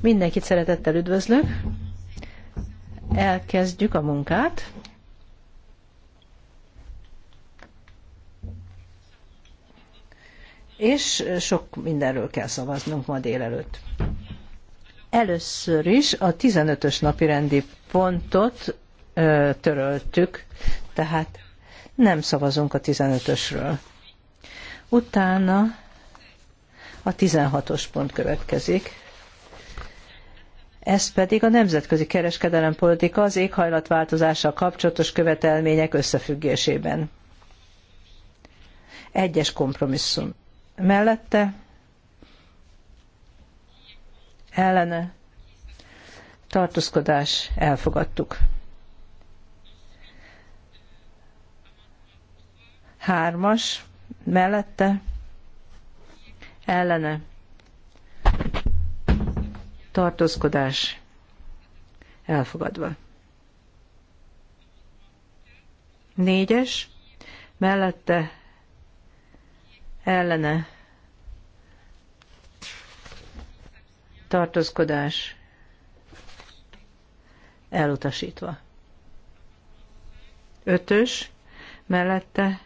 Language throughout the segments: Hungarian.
Mindenkit szeretettel üdvözlök. Elkezdjük a munkát. És sok mindenről kell szavaznunk ma délelőtt. Először is a 15-ös napi rendi pontot ö, töröltük, tehát nem szavazunk a 15-ösről. Utána a 16-os pont következik. Ez pedig a nemzetközi politika az éghajlatváltozással kapcsolatos követelmények összefüggésében. Egyes kompromisszum. Mellette ellene tartózkodás elfogadtuk. Hármas mellette ellene tartózkodás elfogadva. Négyes, mellette ellene tartózkodás elutasítva. Ötös, mellette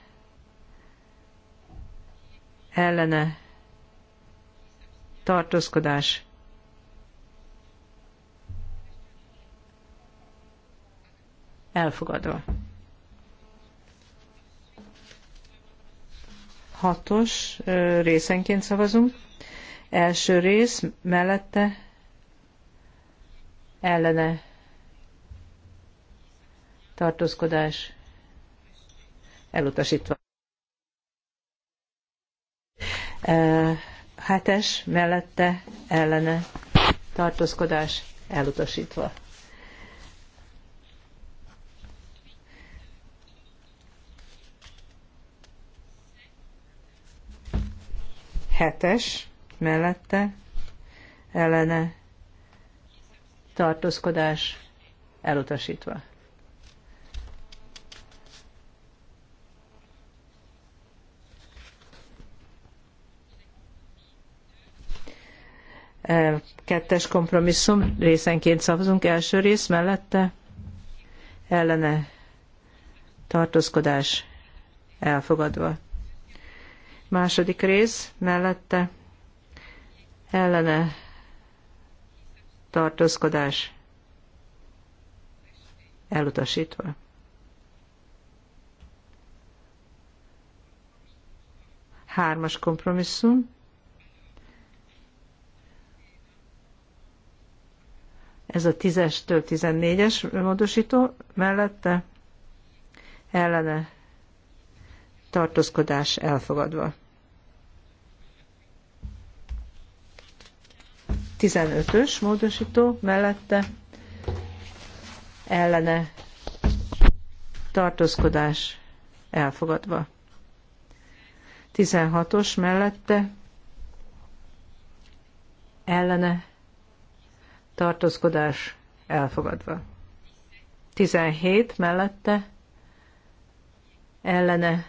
ellene tartózkodás. Elfogadva. Hatos részenként szavazunk. Első rész mellette ellene tartózkodás elutasítva hetes mellette ellene tartózkodás elutasítva. Hetes mellette ellene tartózkodás elutasítva. E, kettes kompromisszum részenként szavazunk. Első rész mellette ellene tartózkodás elfogadva. Második rész mellette ellene tartózkodás elutasítva. Hármas kompromisszum Ez a 10-estől 14-es módosító mellette ellene tartózkodás elfogadva. 15-ös módosító mellette ellene tartózkodás elfogadva. 16-os mellette ellene tartózkodás elfogadva. 17 mellette ellene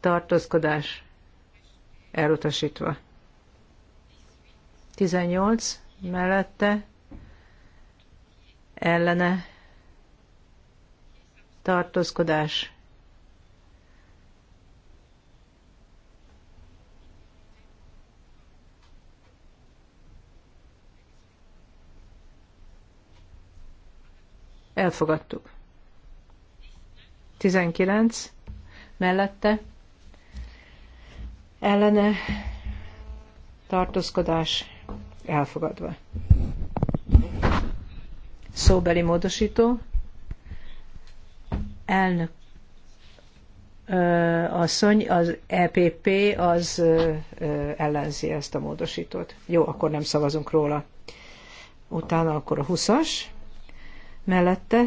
tartózkodás elutasítva. 18 mellette ellene tartózkodás elutasítva. Elfogadtuk. 19 mellette ellene tartózkodás elfogadva. Szóbeli módosító. Elnök asszony, az EPP az ellenzi ezt a módosítót. Jó, akkor nem szavazunk róla. Utána akkor a 20-as mellette,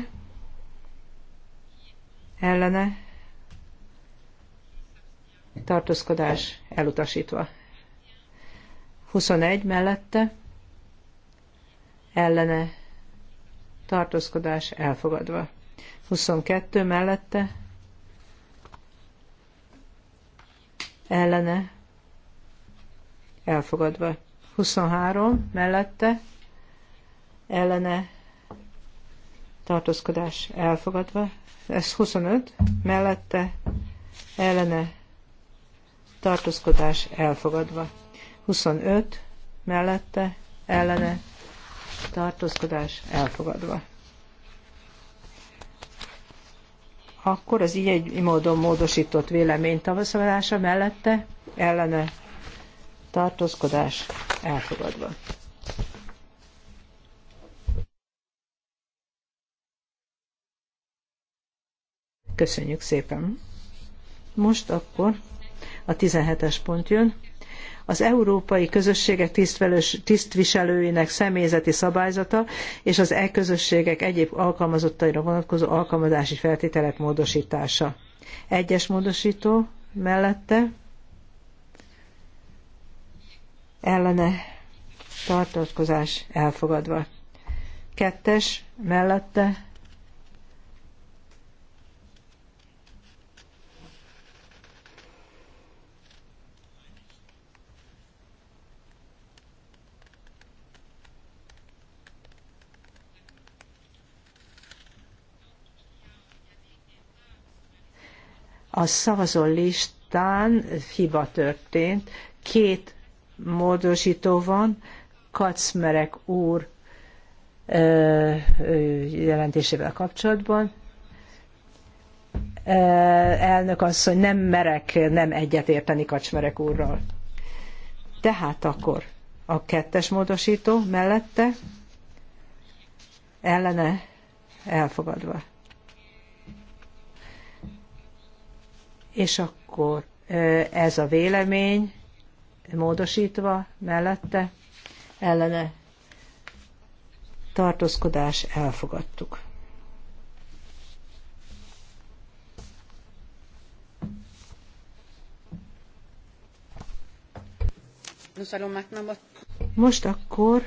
ellene, tartózkodás elutasítva. 21 mellette, ellene, tartózkodás elfogadva. 22 mellette, ellene, elfogadva. 23 mellette, ellene tartózkodás elfogadva, ez 25, mellette ellene tartózkodás elfogadva, 25, mellette ellene tartózkodás elfogadva. Akkor az így egy módon módosított vélemény tavaszolása mellette ellene tartózkodás elfogadva. Köszönjük szépen. Most akkor a 17-es pont jön. Az Európai Közösségek tisztviselőinek személyzeti szabályzata és az e-közösségek egyéb alkalmazottaira vonatkozó alkalmazási feltételek módosítása. Egyes módosító mellette ellene tartatkozás elfogadva. Kettes mellette A szavazó listán hiba történt, két módosító van, Kacmerek úr jelentésével kapcsolatban. Elnök hogy nem merek nem egyetérteni Kacmerek úrral. Tehát akkor a kettes módosító mellette ellene elfogadva. és akkor ez a vélemény módosítva mellette ellene tartózkodás elfogadtuk. Most akkor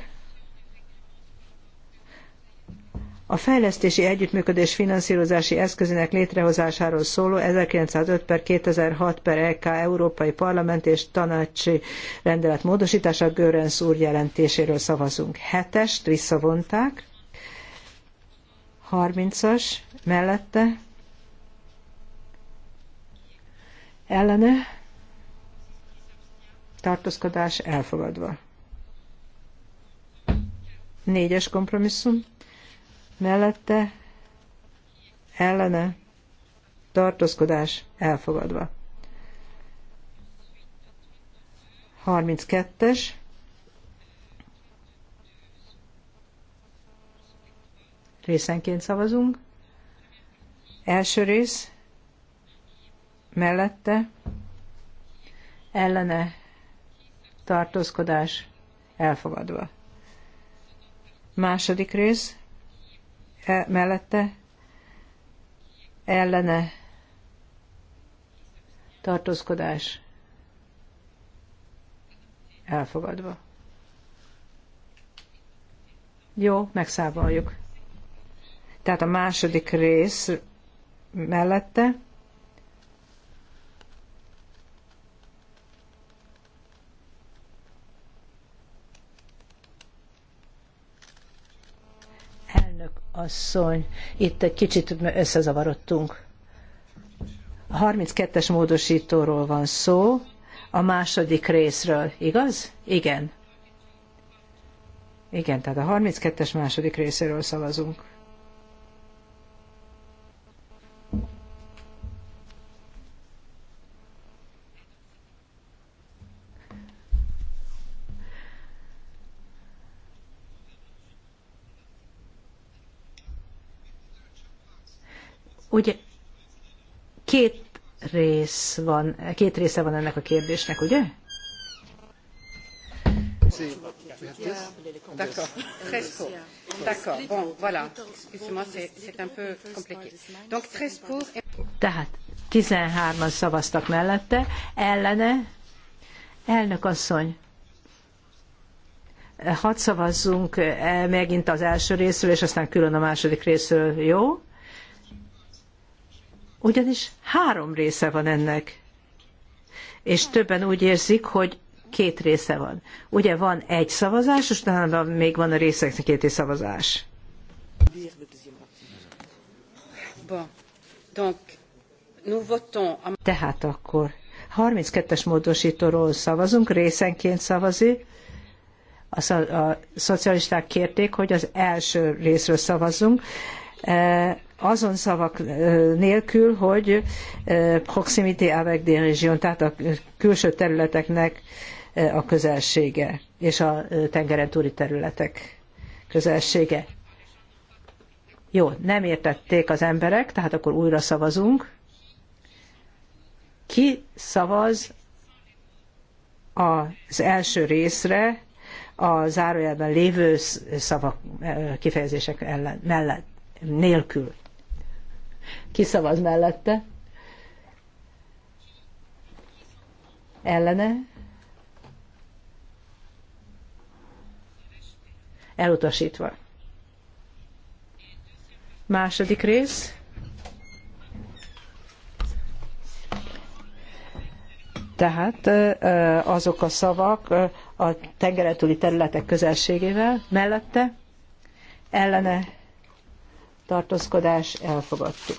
A fejlesztési együttműködés finanszírozási eszközének létrehozásáról szóló 1905 per 2006 per EK Európai Parlament és Tanácsi Rendelet módosítása Görens úr jelentéséről szavazunk. Hetest visszavonták. 30-as mellette. Ellene. Tartózkodás elfogadva. Négyes kompromisszum mellette ellene tartózkodás elfogadva. 32-es részenként szavazunk. Első rész mellette ellene tartózkodás elfogadva. Második rész E, mellette ellene tartózkodás elfogadva. Jó, megszávaljuk. Tehát a második rész mellette asszony, itt egy kicsit összezavarodtunk. A 32-es módosítóról van szó, a második részről, igaz? Igen. Igen, tehát a 32-es második részéről szavazunk. Ugye két rész van, két része van ennek a kérdésnek, ugye? D'accord, Trespo. D'accord, bon, voilà. Excusez-moi, c'est un peu compliqué. Donc Trespo. Tehát 13-an szavaztak mellette, ellene, elnök asszony, hadd szavazzunk eh, megint az első részről, és aztán külön a második részről, jó? Ugyanis három része van ennek. És többen úgy érzik, hogy két része van. Ugye van egy szavazás, és utána még van a részeknek két szavazás. Tehát akkor 32-es módosítóról szavazunk, részenként szavazi. A, szo- a szocialisták kérték, hogy az első részről szavazzunk. E, azon szavak nélkül, hogy proximité avec des régions, tehát a külső területeknek a közelsége és a tengeren túli területek közelsége. Jó, nem értették az emberek, tehát akkor újra szavazunk. Ki szavaz az első részre a zárójelben lévő szavak kifejezések ellen, mellett, nélkül? Kiszavaz mellette. Ellene. Elutasítva. Második rész. Tehát azok a szavak a tengeretúli területek közelségével mellette ellene tartózkodás elfogadtuk.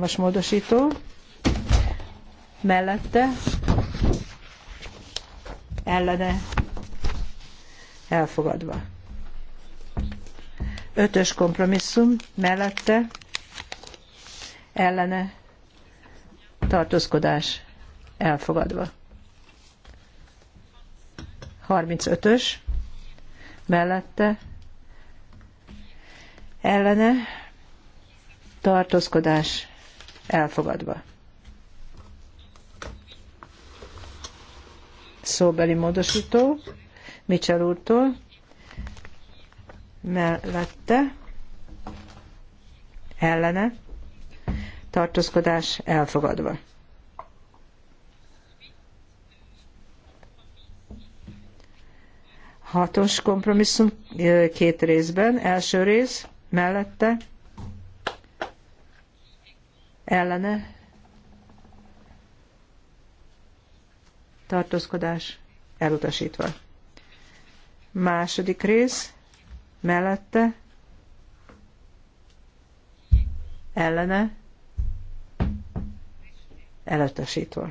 as módosító mellette ellene elfogadva. Ötös kompromisszum mellette ellene tartózkodás elfogadva. 35-ös mellette ellene tartózkodás elfogadva. Szóbeli módosító Mitchell úrtól mellette ellene tartózkodás elfogadva. Hatos kompromisszum két részben. Első rész mellette ellene tartózkodás elutasítva. Második rész mellette ellene elutasítva.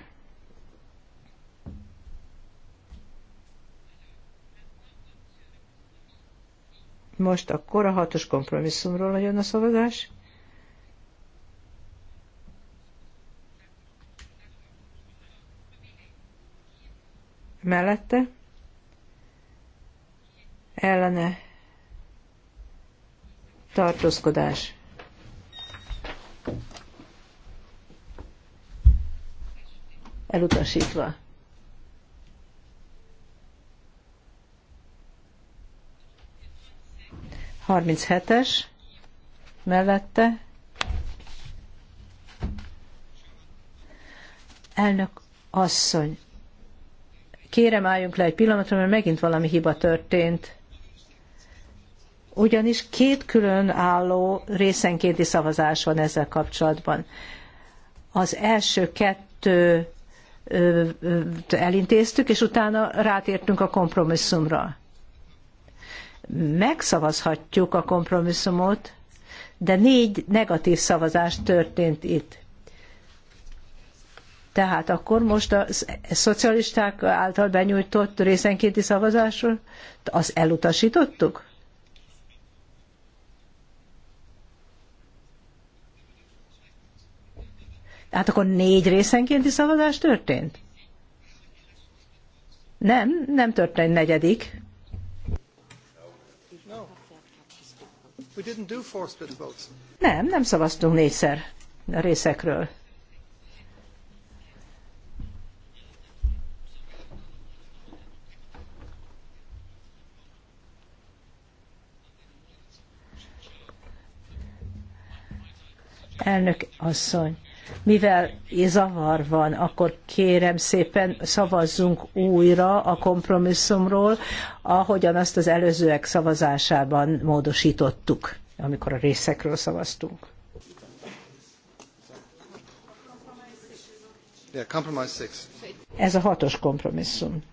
Most akkor a hatos kompromisszumról jön a szavazás. Mellette ellene tartózkodás. Elutasítva. 37-es mellette. Elnök asszony, kérem álljunk le egy pillanatra, mert megint valami hiba történt. Ugyanis két külön álló részenkénti szavazás van ezzel kapcsolatban. Az első kettő elintéztük, és utána rátértünk a kompromisszumra megszavazhatjuk a kompromisszumot, de négy negatív szavazás történt itt. Tehát akkor most a szocialisták által benyújtott részenkénti szavazásról az elutasítottuk? Hát akkor négy részenkénti szavazás történt? Nem, nem történt negyedik. Nem, nem szavaztunk négyszer a részekről. Elnök asszony, mivel zavar van, akkor kérem szépen szavazzunk újra a kompromisszumról, ahogyan azt az előzőek szavazásában módosítottuk, amikor a részekről szavaztunk. Ez a hatos kompromisszum.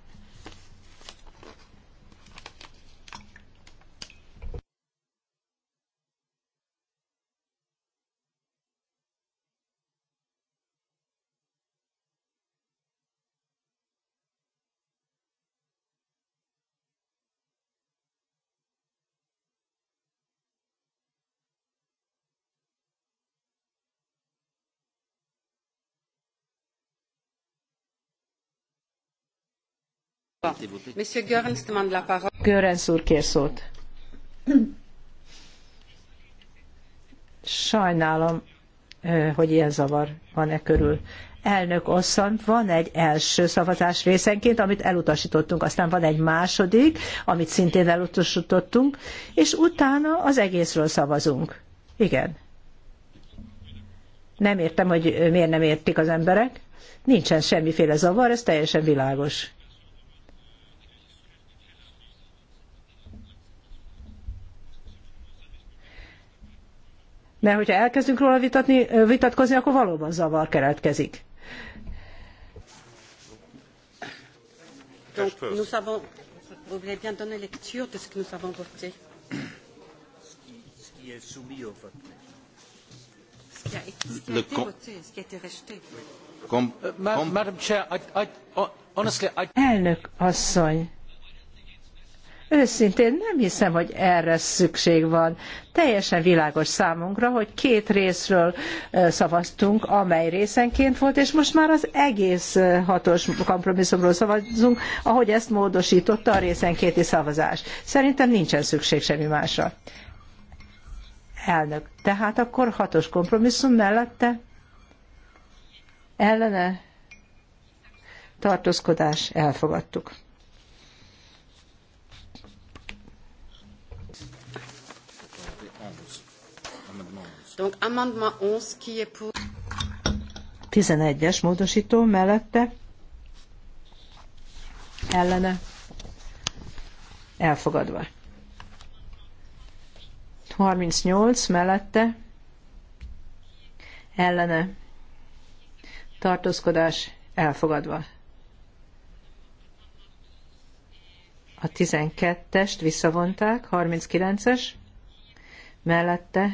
Görens úr kér szót. Sajnálom, hogy ilyen zavar van e körül. Elnök asszant, van egy első szavazás részenként, amit elutasítottunk, aztán van egy második, amit szintén elutasítottunk, és utána az egészről szavazunk. Igen. Nem értem, hogy miért nem értik az emberek. Nincsen semmiféle zavar, ez teljesen világos. Mert hogyha elkezdünk róla vitatni, vitatkozni, akkor valóban zavar keletkezik. Elnök asszony, Őszintén nem hiszem, hogy erre szükség van. Teljesen világos számunkra, hogy két részről szavaztunk, amely részenként volt, és most már az egész hatos kompromisszumról szavazunk, ahogy ezt módosította a részenkéti szavazás. Szerintem nincsen szükség semmi másra. Elnök, tehát akkor hatos kompromisszum mellette ellene tartózkodás elfogadtuk. Donc amendement 11-es módosító mellette ellene elfogadva. 38 mellette ellene tartózkodás elfogadva. A 12-est visszavonták, 39-es mellette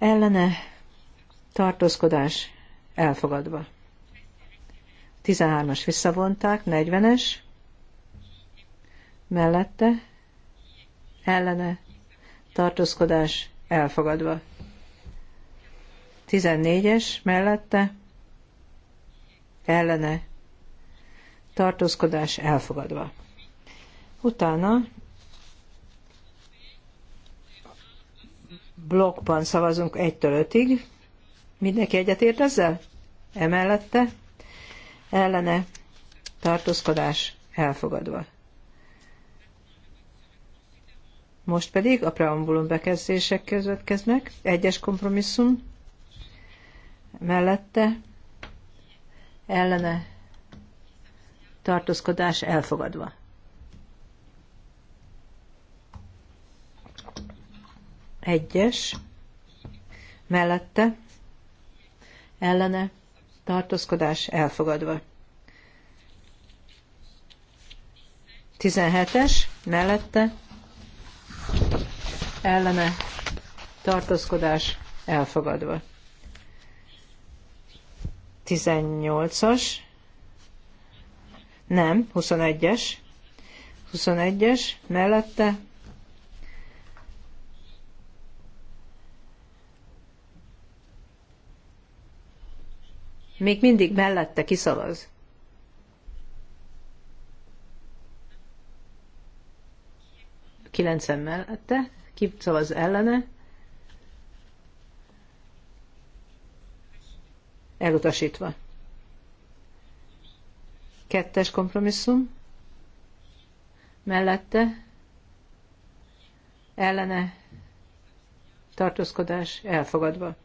ellene tartózkodás elfogadva. 13-as visszavonták, 40-es mellette ellene tartózkodás elfogadva. 14-es mellette ellene tartózkodás elfogadva. Utána blokkban szavazunk 1-től 5-ig. Mindenki egyetért ezzel? Emellette ellene tartózkodás elfogadva. Most pedig a preambulum bekezdések következnek, egyes kompromisszum, mellette ellene tartózkodás elfogadva. Egyes mellette ellene tartózkodás elfogadva. 17-es mellette ellene tartózkodás elfogadva. 18-as nem, 21-es 21-es mellette még mindig mellette kiszavaz. Kilencen mellette, ki szavaz ellene, elutasítva. Kettes kompromisszum, mellette, ellene, tartózkodás elfogadva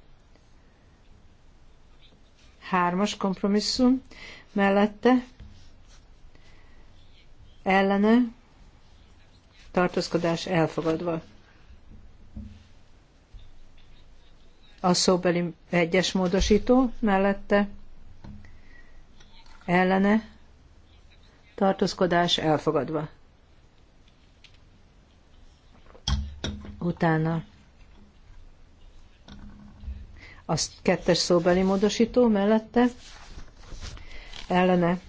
hármas kompromisszum mellette ellene tartózkodás elfogadva. A szóbeli egyes módosító mellette ellene tartózkodás elfogadva. Utána a kettes szóbeli módosító mellette ellene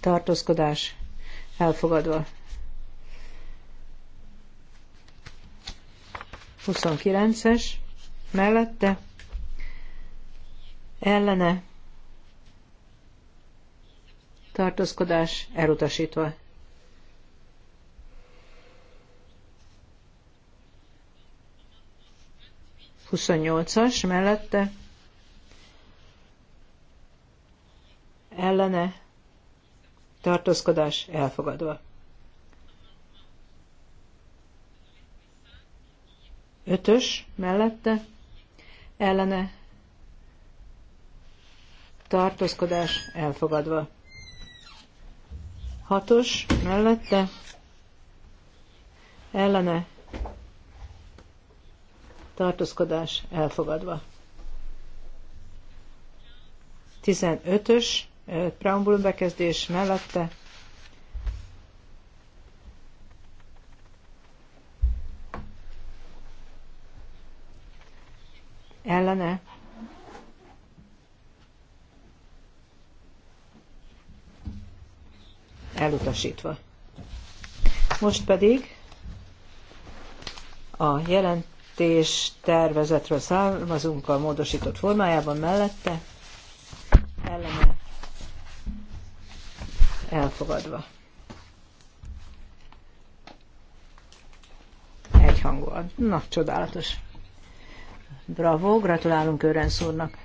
tartózkodás elfogadva. 29-es mellette ellene tartózkodás elutasítva. 28-as mellette ellene tartózkodás elfogadva. ötös mellette ellene tartózkodás elfogadva. hatos mellette ellene tartózkodás elfogadva. 15-ös preambulum bekezdés mellette ellene elutasítva. Most pedig a jelent jelentés tervezetről származunk a módosított formájában mellette, ellene elfogadva. Egyhangúan. Na, csodálatos. Bravo, gratulálunk Örensz úrnak.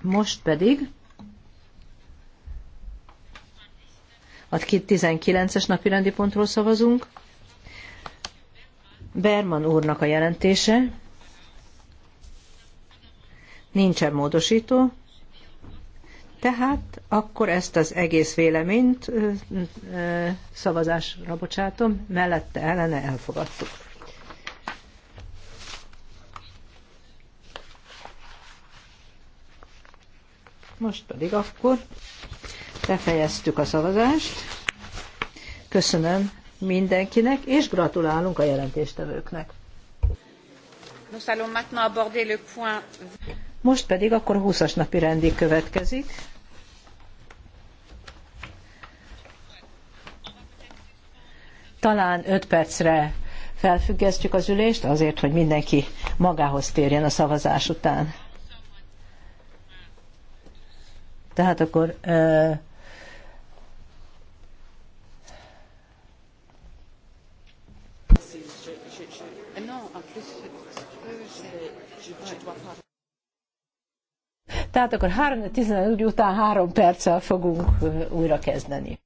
Most pedig A 19-es napi rendi pontról szavazunk. Berman úrnak a jelentése. Nincsen módosító. Tehát akkor ezt az egész véleményt ö, ö, szavazásra bocsátom, mellette ellene elfogadtuk. Most pedig akkor Befejeztük a szavazást. Köszönöm mindenkinek, és gratulálunk a jelentéstevőknek. Most pedig akkor a 20-as napi rendi következik. Talán 5 percre felfüggesztjük az ülést, azért, hogy mindenki magához térjen a szavazás után. Tehát akkor Tehát akkor 3, 11 után három perccel fogunk újra kezdeni.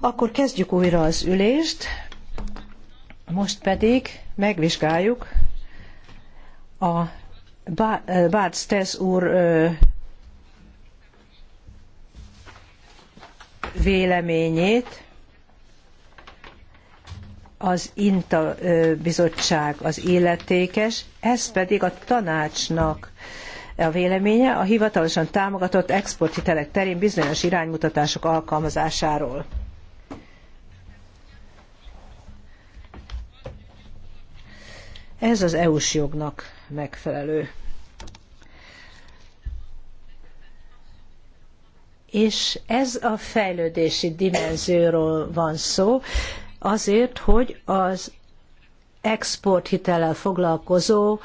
Akkor kezdjük újra az ülést, most pedig megvizsgáljuk a Bád Stesz úr véleményét az INTA bizottság az illetékes, ez pedig a tanácsnak a véleménye a hivatalosan támogatott exporthitelek terén bizonyos iránymutatások alkalmazásáról. Ez az EU-s jognak megfelelő. És ez a fejlődési dimenzióról van szó, azért, hogy az exporthitellel foglalkozó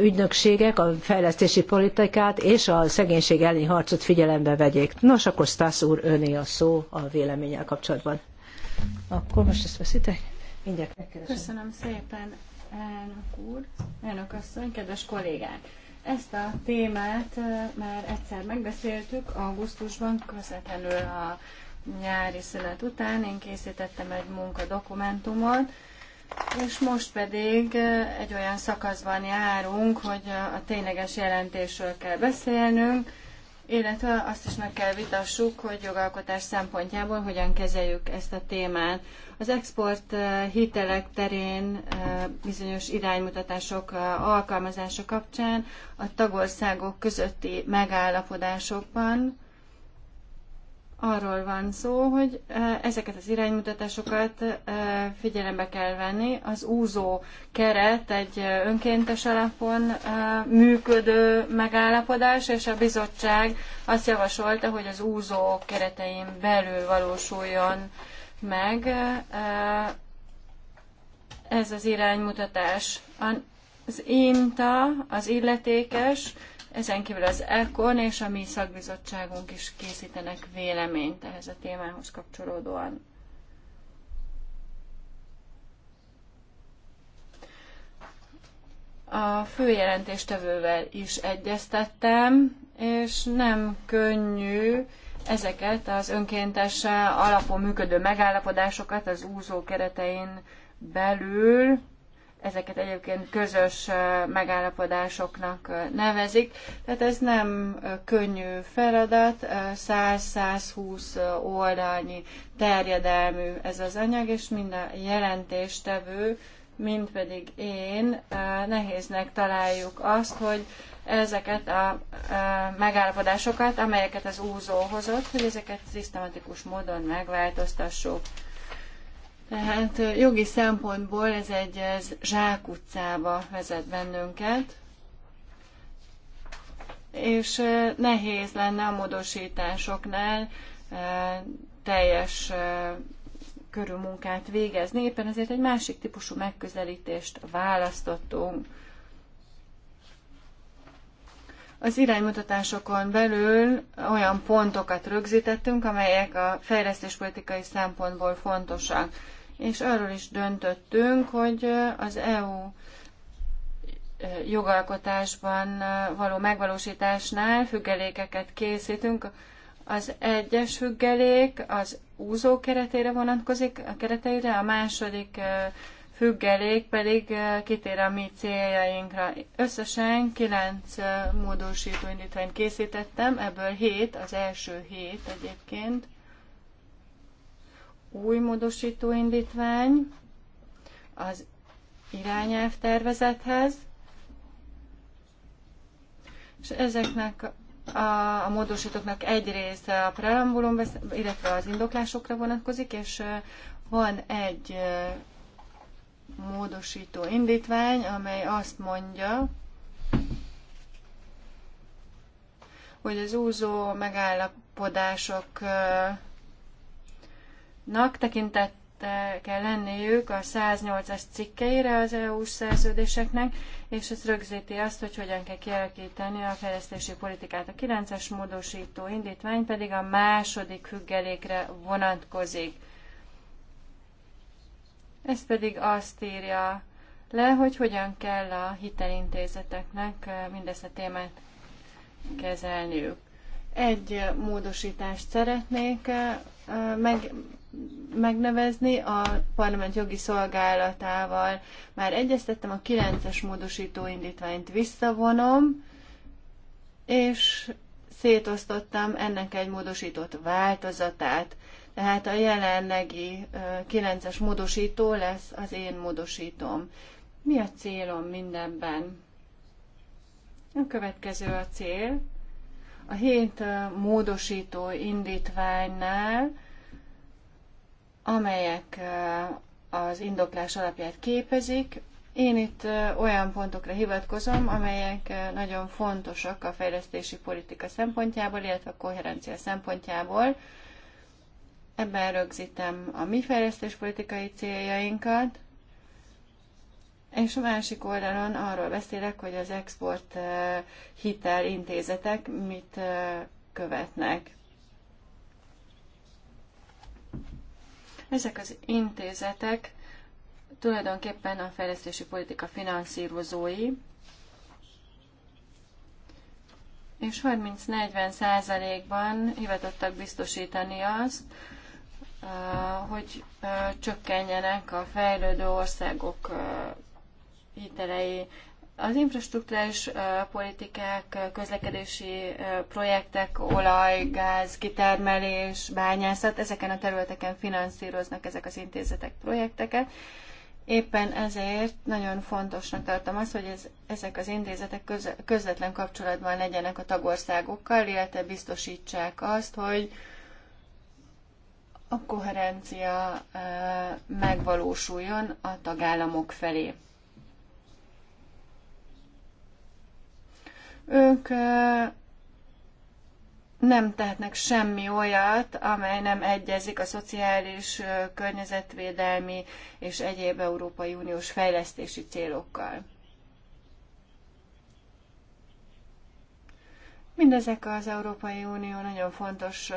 ügynökségek a fejlesztési politikát és a szegénység elleni harcot figyelembe vegyék. Nos, akkor Stász úr öné a szó a véleménnyel kapcsolatban. Akkor most ezt veszitek? Mindjárt megkeresem. Köszönöm szépen, elnök úr, elnök asszony, kedves kollégák! Ezt a témát már egyszer megbeszéltük augusztusban, közvetlenül a nyári szünet után. Én készítettem egy munkadokumentumot, és most pedig eh, egy olyan szakaszban járunk, hogy eh, a tényleges jelentésről kell beszélnünk, illetve azt is meg kell vitassuk, hogy jogalkotás szempontjából hogyan kezeljük ezt a témát. Az export eh, hitelek terén bizonyos iránymutatások alkalmazása kapcsán a tagországok közötti megállapodásokban arról van szó, hogy e, ezeket az iránymutatásokat e, figyelembe kell venni. Az úzó keret egy e, önkéntes alapon működő megállapodás, és a bizottság azt javasolta, hogy az úzó keretein belül valósuljon meg ez az iránymutatás. Az INTA, az illetékes, ezen kívül az ECON és a mi szakbizottságunk is készítenek véleményt ehhez a témához kapcsolódóan. A főjelentéstevővel is egyeztettem, és nem könnyű ezeket az önkéntes alapon működő megállapodásokat az úzó keretein belül ezeket egyébként közös megállapodásoknak nevezik. Tehát ez nem könnyű feladat, 100-120 oldalnyi terjedelmű ez az anyag, és mind a jelentéstevő, mind pedig én nehéznek találjuk azt, hogy ezeket a megállapodásokat, amelyeket az úzó hozott, hogy ezeket szisztematikus módon megváltoztassuk. Tehát jogi szempontból ez egy zsákutcába vezet bennünket, és nehéz lenne a módosításoknál teljes körülmunkát végezni, éppen ezért egy másik típusú megközelítést választottunk. Az iránymutatásokon belül olyan pontokat rögzítettünk, amelyek a fejlesztéspolitikai szempontból fontosak és arról is döntöttünk, hogy az EU e, jogalkotásban e, való megvalósításnál függelékeket készítünk. Az egyes függelék az úzó keretére vonatkozik, a kereteire, a második e, függelék pedig kitér a mi céljainkra. Összesen kilenc módosító indítványt készítettem, ebből hét, az első hét egyébként új módosító indítvány az irányelv tervezethez, és ezeknek a, a módosítóknak egy része a preambulum, illetve az indoklásokra vonatkozik, és van egy módosító indítvány, amely azt mondja, hogy az úzó megállapodások nak tekintettel kell lenniük a 108-as cikkeire az EU szerződéseknek, és ez rögzíti azt, hogy hogyan kell kialakítani a fejlesztési politikát. A 9-es módosító indítvány pedig a második függelékre vonatkozik. Ez pedig azt írja le, hogy hogyan kell a hitelintézeteknek eh, mindezt a témát kezelniük. Egy módosítást szeretnék eh, eh, meg megnevezni. A parlament jogi szolgálatával már egyeztettem, a 9-es módosító indítványt visszavonom, és szétosztottam ennek egy módosított változatát. Tehát a jelenlegi 9-es módosító lesz az én módosítom. Mi a célom mindenben? A következő a cél. A hét módosító indítványnál amelyek az indoklás alapját képezik. Én itt olyan pontokra hivatkozom, amelyek nagyon fontosak a fejlesztési politika szempontjából, illetve a koherencia szempontjából. Ebben rögzítem a mi fejlesztéspolitikai céljainkat, és a másik oldalon arról beszélek, hogy az export hitel intézetek mit követnek. Ezek az intézetek tulajdonképpen a fejlesztési politika finanszírozói, és 30-40 százalékban hivatottak biztosítani azt, hogy csökkenjenek a fejlődő országok hitelei. Az infrastruktúrális politikák, közlekedési projektek, olaj, gáz, kitermelés, bányászat, ezeken a területeken finanszíroznak ezek az intézetek projekteket. Éppen ezért nagyon fontosnak tartom azt, hogy ez, ezek az intézetek közvetlen kapcsolatban legyenek a tagországokkal, illetve biztosítsák azt, hogy a koherencia megvalósuljon a tagállamok felé. Ők nem tehetnek semmi olyat, amely nem egyezik a szociális, környezetvédelmi és egyéb Európai Uniós fejlesztési célokkal. Mindezek az Európai Unió nagyon fontos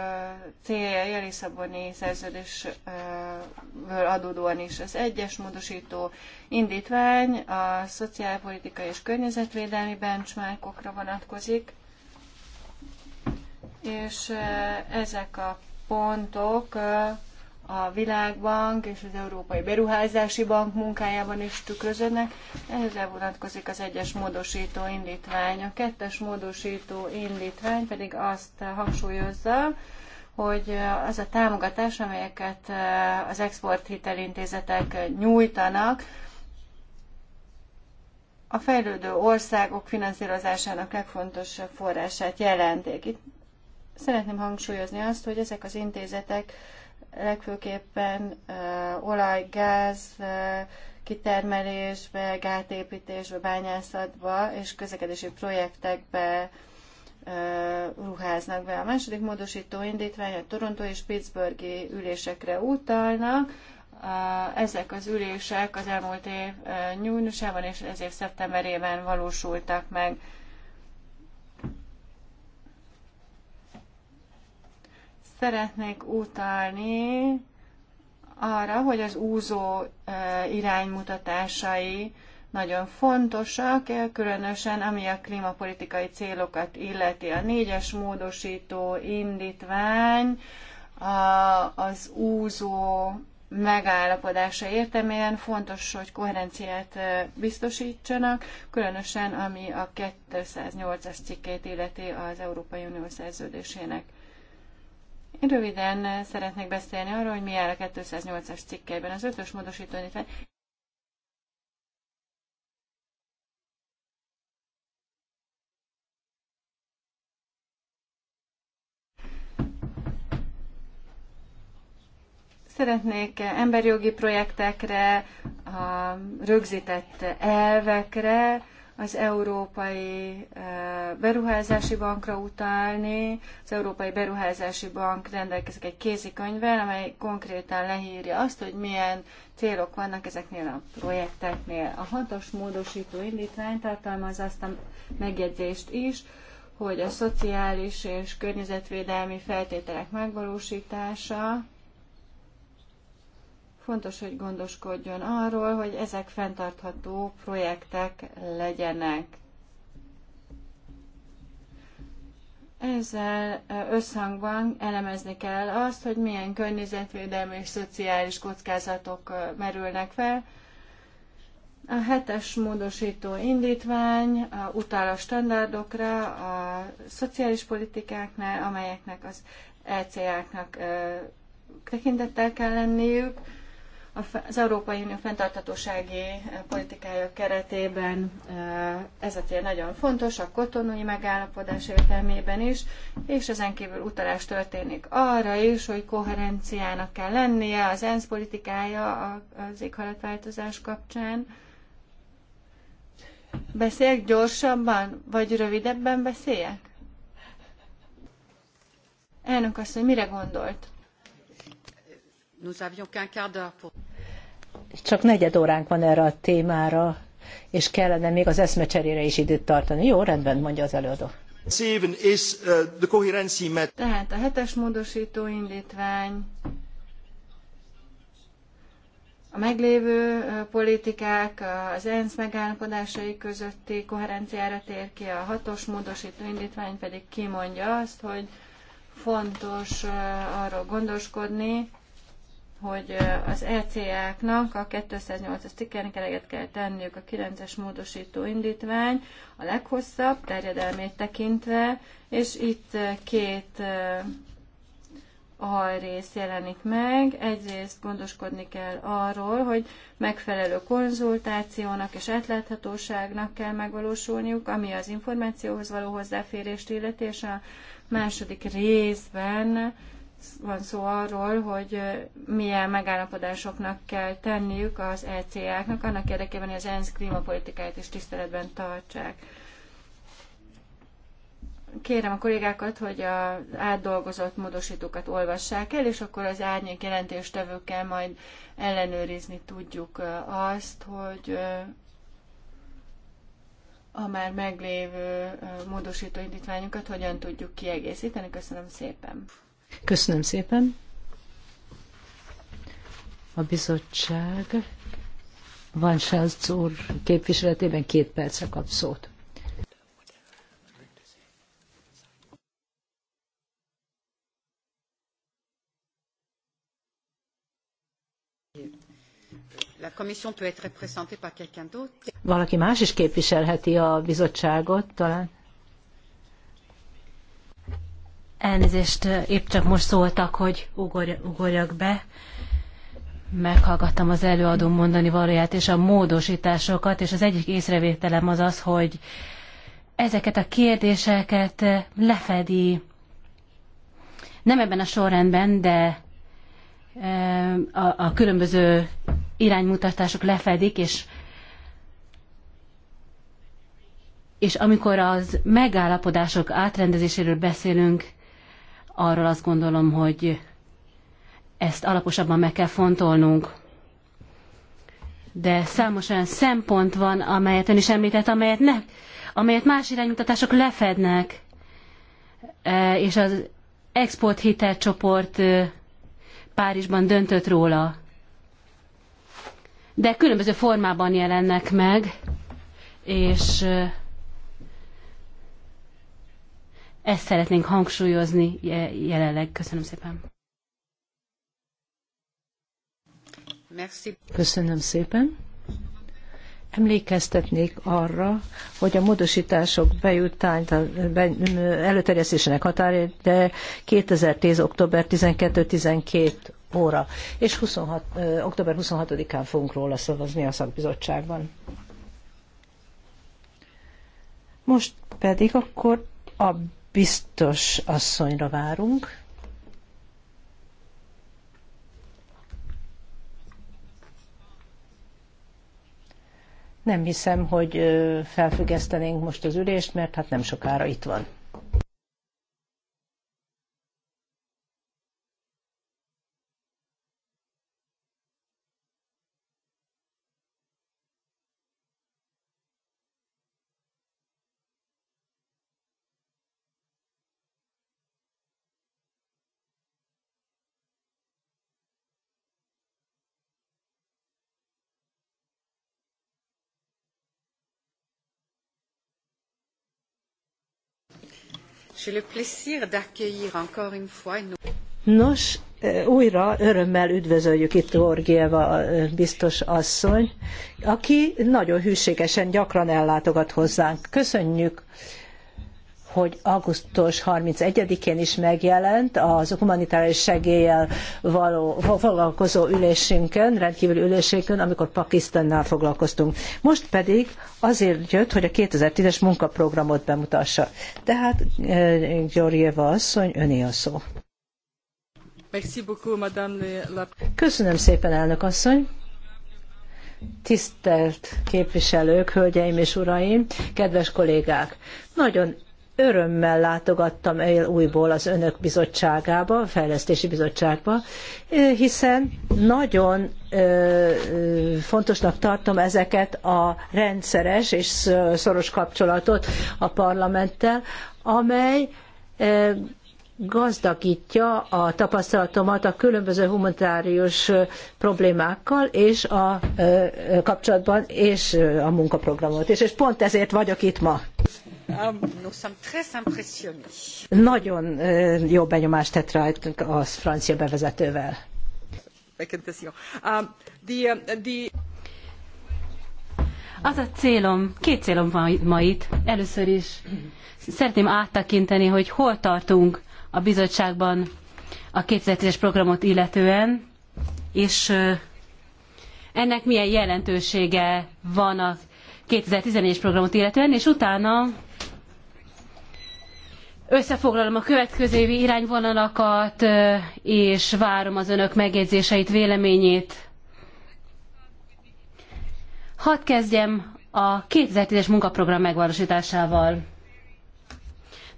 célja a Lisszaboni szerződésből adódóan is. Az egyes módosító indítvány a szociálpolitikai és környezetvédelmi benchmarkokra vonatkozik, és ezek a pontok a Világbank és az Európai Beruházási Bank munkájában is tükröződnek. Ezzel vonatkozik az egyes módosító indítvány. A kettes módosító indítvány pedig azt hangsúlyozza, hogy az a támogatás, amelyeket az exporthitelintézetek nyújtanak, a fejlődő országok finanszírozásának legfontosabb forrását jelentik. Itt szeretném hangsúlyozni azt, hogy ezek az intézetek legfőképpen olaj, gáz, kitermelésbe, gátépítésbe, bányászatba és közlekedési projektekbe ruháznak be. A második módosító indítvány a Toronto és Pittsburghi ülésekre utalnak. Ezek az ülések az elmúlt év nyújnusában és ez év szeptemberében valósultak meg. Szeretnék utalni arra, hogy az úzó iránymutatásai nagyon fontosak, különösen ami a klímapolitikai célokat illeti. A négyes módosító indítvány az úzó megállapodása értelmében fontos, hogy koherenciát biztosítsanak, különösen ami a 208-as cikkét illeti az Európai Unió szerződésének. Röviden szeretnék beszélni arról, hogy mi áll a 208-as cikkeiben. Az ötös fel. szeretnék emberjogi projektekre, a rögzített elvekre az Európai eh, Beruházási Bankra utalni. Az Európai Beruházási Bank rendelkezik egy kézikönyvvel, amely konkrétan lehírja azt, hogy milyen célok vannak ezeknél a projekteknél. A hatos módosító indítvány tartalmaz azt a megjegyzést is, hogy a szociális és környezetvédelmi feltételek megvalósítása Fontos, hogy gondoskodjon arról, hogy ezek fenntartható projektek legyenek. Ezzel összhangban elemezni kell azt, hogy milyen környezetvédelmi és szociális kockázatok merülnek fel. A hetes módosító indítvány utal a standardokra a szociális politikáknál, amelyeknek az ECA-knak tekintettel kell lenniük. Az Európai Unió fenntarthatósági eh, politikája keretében eh, ez a cél nagyon fontos, a kotonói megállapodás értelmében is, és ezen kívül utalás történik arra is, hogy koherenciának kell lennie az ENSZ politikája az éghajlatváltozás kapcsán. Beszéljek gyorsabban, vagy rövidebben beszéljek? Elnök asszony, mire gondolt? Csak negyed óránk van erre a témára, és kellene még az eszmecserére is időt tartani. Jó, rendben, mondja az előadó. Uh, Tehát a hetes módosító indítvány a meglévő uh, politikák, uh, az ENSZ megállapodásai közötti koherenciára tér ki, a hatos módosító indítvány pedig kimondja azt, hogy fontos arról gondoskodni, hogy az ECA-knak a 208-as cikkernek eleget kell tenniük a 9-es módosító indítvány a leghosszabb terjedelmét tekintve, és itt két alrész jelenik meg. Egyrészt gondoskodni kell arról, hogy megfelelő konzultációnak és átláthatóságnak kell megvalósulniuk, ami az információhoz való hozzáférést illeti, és a második részben van szó arról, hogy milyen megállapodásoknak kell tenniük az ECA-knak, annak érdekében, hogy az ENSZ klímapolitikáját is tiszteletben tartsák. Kérem a kollégákat, hogy az átdolgozott módosítókat olvassák el, és akkor az árnyék jelentéstevőkkel majd ellenőrizni tudjuk azt, hogy a már meglévő módosító indítványokat hogyan tudjuk kiegészíteni. Köszönöm szépen! Köszönöm szépen. A bizottság Van Schelz úr képviseletében két percre kap szót. Valaki más is képviselheti a bizottságot talán? Elnézést, épp csak most szóltak, hogy ugorj, ugorjak be. Meghallgattam az előadó mondani valóját és a módosításokat, és az egyik észrevételem az az, hogy ezeket a kérdéseket lefedi, nem ebben a sorrendben, de eh, a, a különböző iránymutatások lefedik, és és amikor az megállapodások átrendezéséről beszélünk, arról azt gondolom, hogy ezt alaposabban meg kell fontolnunk. De számos olyan szempont van, amelyet ön is említett, amelyet, ne, amelyet más iránymutatások lefednek, e, és az exporthitel csoport e, Párizsban döntött róla. De különböző formában jelennek meg, és e, ezt szeretnénk hangsúlyozni jelenleg. Köszönöm szépen. Köszönöm szépen. Emlékeztetnék arra, hogy a módosítások bejutány, be, előterjesztésének de 2010. október 12-12 óra, és 26, október 26-án fogunk róla szavazni a szakbizottságban. Most pedig akkor a biztos asszonyra várunk. Nem hiszem, hogy felfüggesztenénk most az ülést, mert hát nem sokára itt van. Nos, újra örömmel üdvözöljük itt Orgieva biztos asszony, aki nagyon hűségesen gyakran ellátogat hozzánk. Köszönjük! hogy augusztus 31-én is megjelent az humanitárius segéllyel való foglalkozó ülésünkön, rendkívüli ülésünkön, amikor Pakisztánnal foglalkoztunk. Most pedig azért jött, hogy a 2010-es munkaprogramot bemutassa. Tehát eh, Gyorjeva asszony, öné a szó. Köszönöm szépen, elnök asszony! Tisztelt képviselők, hölgyeim és uraim, kedves kollégák! Nagyon örömmel látogattam el újból az önök bizottságába, a fejlesztési bizottságba, hiszen nagyon fontosnak tartom ezeket a rendszeres és szoros kapcsolatot a parlamenttel, amely gazdagítja a tapasztalatomat a különböző humanitárius problémákkal és a kapcsolatban, és a munkaprogramot is. És pont ezért vagyok itt ma. Ah, Nagyon jó benyomást tett rajtunk a francia bevezetővel. Ah, uh, Az a célom, két célom van ma itt. Először is szeretném áttekinteni, hogy hol tartunk a bizottságban a 2010-es programot illetően, és ennek milyen jelentősége van a 2014-es programot illetően, és utána Összefoglalom a következő évi irányvonalakat, és várom az önök megjegyzéseit, véleményét. Hadd kezdjem a 2010-es munkaprogram megvalósításával.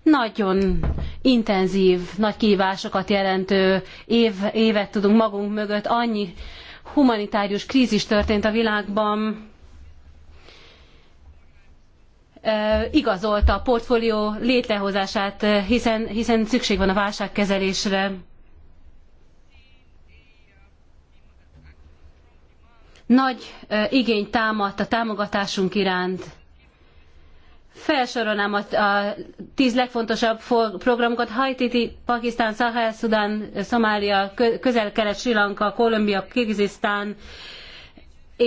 Nagyon intenzív, nagy kihívásokat jelentő év, évet tudunk magunk mögött. Annyi humanitárius krízis történt a világban, Eh, igazolta a portfólió létrehozását, eh, hiszen, hiszen szükség van a válságkezelésre. Nagy eh, igény támadt a támogatásunk iránt. Felsorolnám a, a tíz legfontosabb programokat, Haiti, Pakisztán, Szahel, Szudán, Szomália, Közel-Kelet, Sri Lanka, Kolumbia, Kirgizisztán,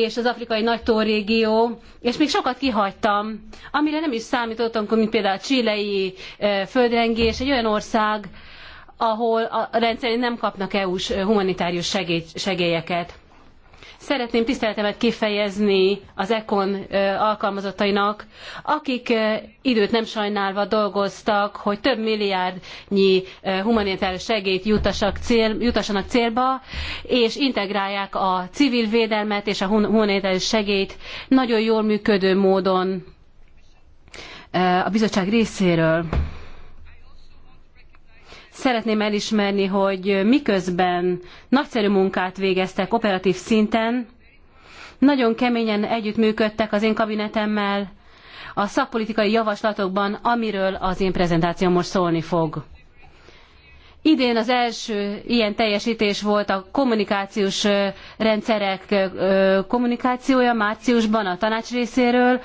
és az afrikai tó régió, és még sokat kihagytam, amire nem is számítottam, mint például a csilei földrengés, egy olyan ország, ahol a rendszerint nem kapnak EU-s humanitárius segélyeket. Szeretném tiszteletemet kifejezni az ECON alkalmazottainak, akik időt nem sajnálva dolgoztak, hogy több milliárdnyi humanitárius segélyt cél, jutassanak célba, és integrálják a civil védelmet és a humanitárius segélyt nagyon jól működő módon a bizottság részéről. Szeretném elismerni, hogy miközben nagyszerű munkát végeztek operatív szinten, nagyon keményen együttműködtek az én kabinetemmel a szakpolitikai javaslatokban, amiről az én prezentációm most szólni fog. Idén az első ilyen teljesítés volt a kommunikációs rendszerek kommunikációja márciusban a tanács részéről,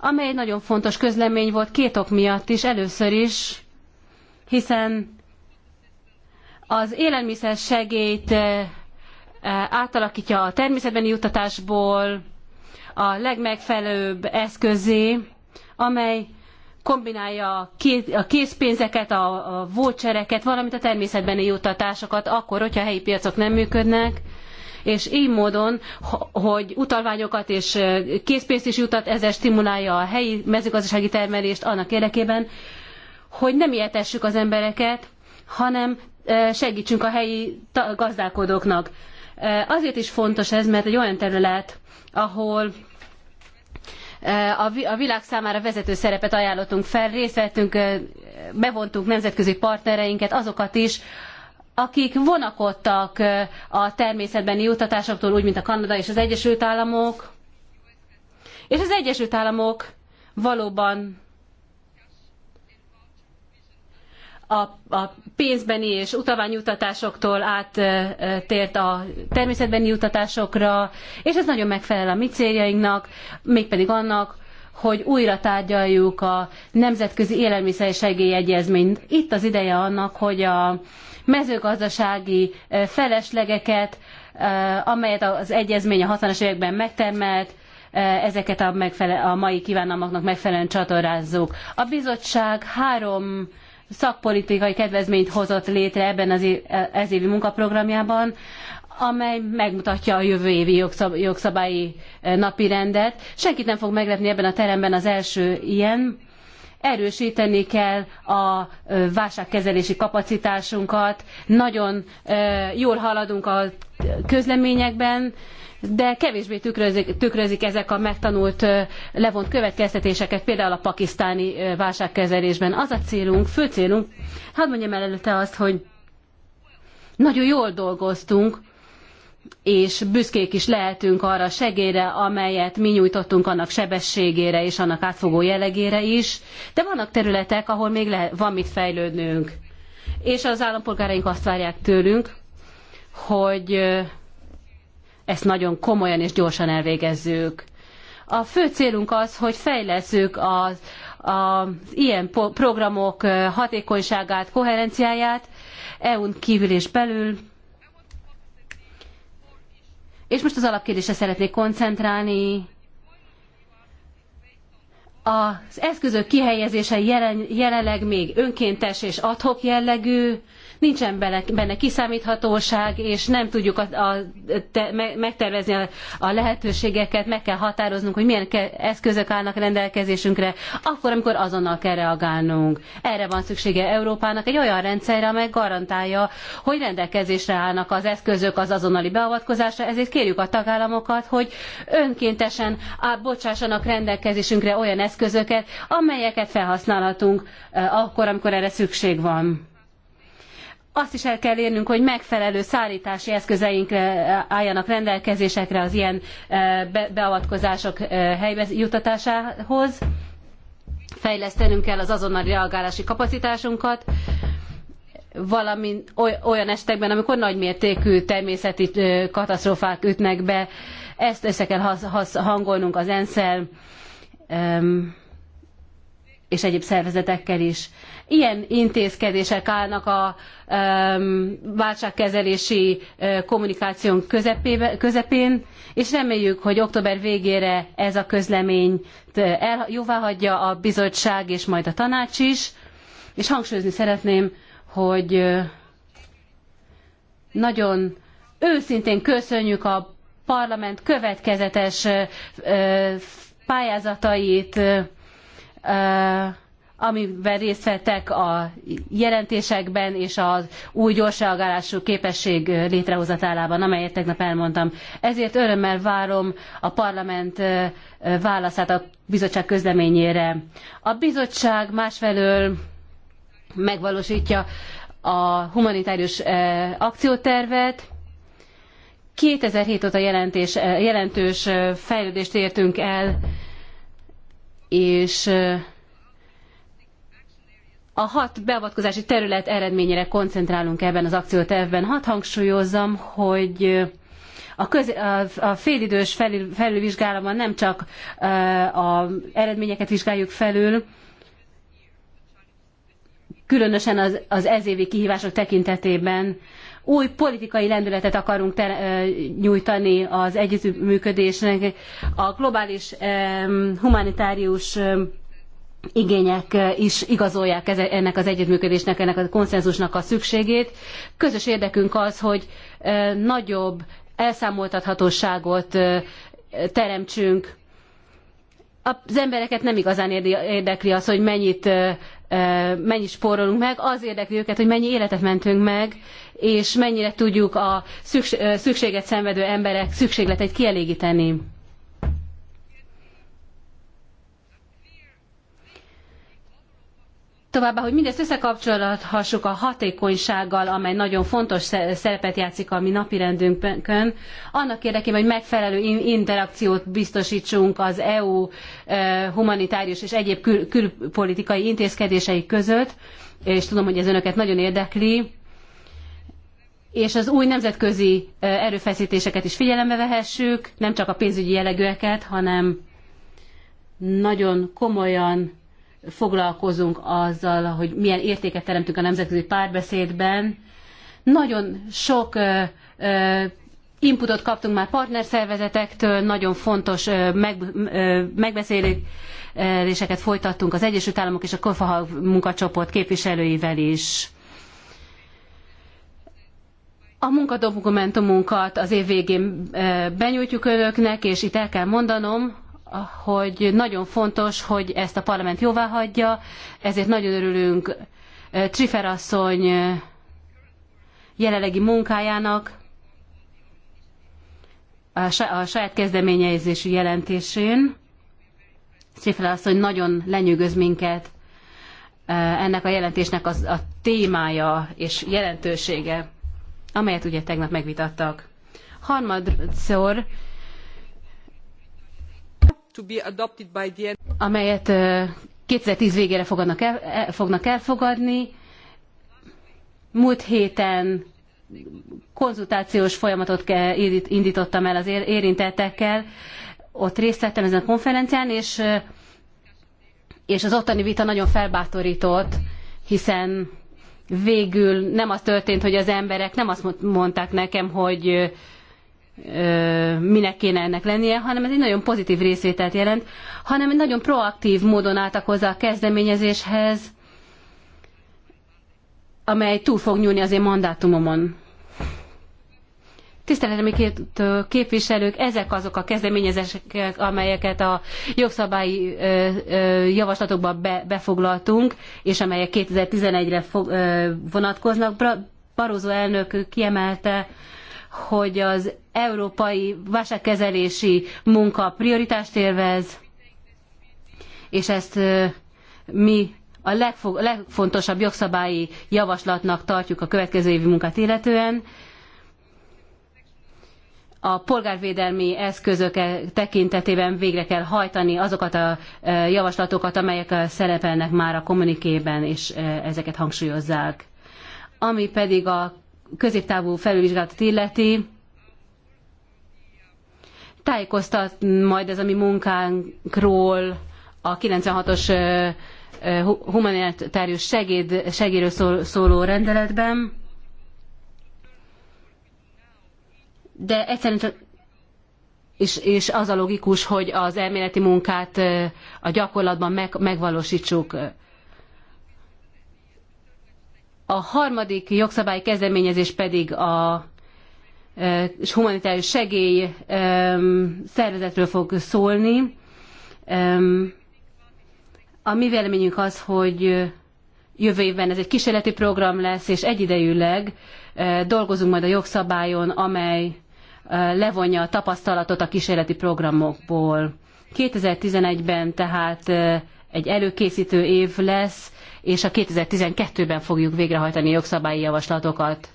amely egy nagyon fontos közlemény volt két ok miatt is, először is, hiszen az élelmiszer segélyt eh, eh, átalakítja a természetbeni juttatásból a legmegfelelőbb eszközé, amely kombinálja a készpénzeket, a, vouchereket, valamint a természetbeni juttatásokat, akkor, hogyha a helyi piacok nem működnek, és így módon, hogy utalványokat és eh, készpénzt is juttat, ezzel stimulálja a helyi mezőgazdasági termelést annak érdekében, hogy nem ijetessük az embereket, hanem segítsünk a helyi gazdálkodóknak. Azért is fontos ez, mert egy olyan terület, ahol a világ számára vezető szerepet ajánlottunk fel, részt vettünk, bevontunk nemzetközi partnereinket, azokat is, akik vonakodtak a természetbeni juttatásoktól, úgy, mint a Kanada és az Egyesült Államok. És az Egyesült Államok valóban a, a pénzbeni és utalványjutatásoktól áttért a természetbeni jutatásokra, és ez nagyon megfelel a mi céljainknak, mégpedig annak, hogy újra tárgyaljuk a Nemzetközi Élelmiszer Segélyegyezményt. Itt az ideje annak, hogy a mezőgazdasági eh, feleslegeket, eh, amelyet az egyezmény a 60-as években megtermelt, eh, ezeket a, megfele- a mai kívánalmaknak megfelelően csatornázzuk. A bizottság három szakpolitikai kedvezményt hozott létre ebben az ez évi munkaprogramjában, amely megmutatja a jövő évi jogszab jogszabályi eh, napirendet. Senkit nem fog meglepni ebben a teremben az első ilyen. Erősíteni kell a eh, válságkezelési kapacitásunkat. Nagyon eh, jól haladunk a közleményekben, de kevésbé tükrözik, tükrözik ezek a megtanult levont következtetéseket, például a pakisztáni válságkezelésben. Az a célunk, fő célunk, hát mondjam el előtte azt, hogy nagyon jól dolgoztunk, és büszkék is lehetünk arra a segélyre, amelyet mi nyújtottunk annak sebességére és annak átfogó jellegére is, de vannak területek, ahol még van mit fejlődnünk. És az állampolgáraink azt várják tőlünk, hogy ezt nagyon komolyan és gyorsan elvégezzük. A fő célunk az, hogy fejleszünk az, az ilyen programok hatékonyságát, koherenciáját EU-n kívül és belül. És most az alapkérdésre szeretnék koncentrálni. Az eszközök kihelyezése jelen, jelenleg még önkéntes és adhok jellegű, nincsen benne, benne kiszámíthatóság, és nem tudjuk a, a, te, megtervezni a, a lehetőségeket, meg kell határoznunk, hogy milyen eszközök állnak rendelkezésünkre, akkor, amikor azonnal kell reagálnunk. Erre van szüksége Európának egy olyan rendszerre, amely garantálja, hogy rendelkezésre állnak az eszközök az azonnali beavatkozásra, ezért kérjük a tagállamokat, hogy önkéntesen bocsássanak rendelkezésünkre olyan eszközöket, amelyeket felhasználhatunk eh, akkor, amikor erre szükség van azt is el kell érnünk, hogy megfelelő szállítási eszközeink álljanak rendelkezésekre az ilyen eh, beavatkozások eh, helybe jutatásához Fejlesztenünk kell az azonnali reagálási kapacitásunkat, valamint olyan esetekben, amikor nagymértékű természeti eh, katasztrófák ütnek be, ezt össze kell hangolnunk az ENSZ-el és egyéb szervezetekkel is. Ilyen intézkedések állnak a um, válságkezelési kommunikáción közepébe, közepén, és reméljük, hogy október végére ez a közleményt el, jóváhagyja a bizottság és majd a tanács is, és hangsúlyozni szeretném, hogy nagyon őszintén köszönjük a parlament következetes pályázatait, Eh, amiben részt vettek a jelentésekben és az új gyorsreagálású képesség létrehozatálában, amelyet tegnap elmondtam. Ezért örömmel várom a parlament eh, válaszát a bizottság közleményére. A bizottság másfelől megvalósítja a humanitárius eh, akciótervet, 2007 óta jelentős fejlődést értünk el és a hat beavatkozási terület eredményére koncentrálunk ebben az akciótervben. Hadd hangsúlyozzam, hogy a, köz, a, a félidős felül, felülvizsgálatban nem csak az eredményeket vizsgáljuk felül, különösen az, az ezévi kihívások tekintetében, új politikai lendületet akarunk te, nyújtani az együttműködésnek. A globális humanitárius igények is igazolják ennek az együttműködésnek, ennek a konszenzusnak a szükségét. Közös érdekünk az, hogy nagyobb elszámoltathatóságot teremtsünk. Az embereket nem igazán érdekli az, hogy mennyit mennyit spórolunk meg, az érdekli őket, hogy mennyi életet mentünk meg, és mennyire tudjuk a szükséget szenvedő emberek szükségleteit kielégíteni. Továbbá, hogy mindezt összekapcsolhassuk a hatékonysággal, amely nagyon fontos szerepet játszik a mi napirendünkön, annak érdekében, hogy megfelelő interakciót biztosítsunk az EU humanitárius és egyéb kül- külpolitikai intézkedései között, és tudom, hogy ez önöket nagyon érdekli, és az új nemzetközi erőfeszítéseket is figyelembe vehessük, nem csak a pénzügyi jellegűeket, hanem nagyon komolyan foglalkozunk azzal, hogy milyen értéket teremtünk a nemzetközi párbeszédben. Nagyon sok inputot kaptunk már partnerszervezetektől, nagyon fontos megbeszéléseket folytattunk az Egyesült Államok és a Kofaha munkacsoport képviselőivel is. A munkadokumentumunkat az év végén e, benyújtjuk önöknek, és itt el kell mondanom, hogy nagyon fontos, hogy ezt a parlament jóváhagyja, ezért nagyon örülünk e, Trifer asszony e, jelenlegi munkájának, a saját kezdeményezésű jelentésén. Trifer asszony nagyon lenyűgöz minket ennek a jelentésnek az, a témája és jelentősége amelyet ugye tegnap megvitattak. Harmadszor amelyet 2010 végére fognak, el, el, fognak elfogadni. Múlt héten konzultációs folyamatot indítottam el az érintettekkel, ott részt vettem ezen a konferencián, és, és az ottani vita nagyon felbátorított, hiszen végül nem az történt, hogy az emberek nem azt mondták nekem, hogy minek kéne ennek lennie, hanem ez egy nagyon pozitív részvételt jelent, hanem egy nagyon proaktív módon álltak hozzá a kezdeményezéshez, amely túl fog nyúlni az én mandátumomon. Tiszteletem képviselők, ezek azok a kezdeményezések, amelyeket a jogszabályi javaslatokba be, befoglaltunk, és amelyek 2011-re vonatkoznak. Barroso elnök kiemelte, hogy az európai válságkezelési munka prioritást élvez, és ezt mi a legfontosabb jogszabályi javaslatnak tartjuk a következő évi munkát illetően, a polgárvédelmi eszközök e tekintetében végre kell hajtani azokat a e, javaslatokat, amelyek e, szerepelnek már a kommunikében, és ezeket hangsúlyozzák. Ami pedig a középtávú felülvizsgálatot illeti, tájékoztat majd ez a mi munkánkról a 96-os humanitárius segéd, segélyről szóló rendeletben de egyszerűen csak és, és az a logikus, hogy az elméleti munkát a gyakorlatban meg, megvalósítsuk. A harmadik jogszabály kezdeményezés pedig a humanitárius segély szervezetről fog szólni. A mi véleményünk az, hogy jövő évben ez egy kísérleti program lesz, és egyidejűleg dolgozunk majd a jogszabályon, amely levonja a tapasztalatot a kísérleti programokból. 2011-ben tehát egy előkészítő év lesz, és a 2012-ben fogjuk végrehajtani jogszabályi javaslatokat.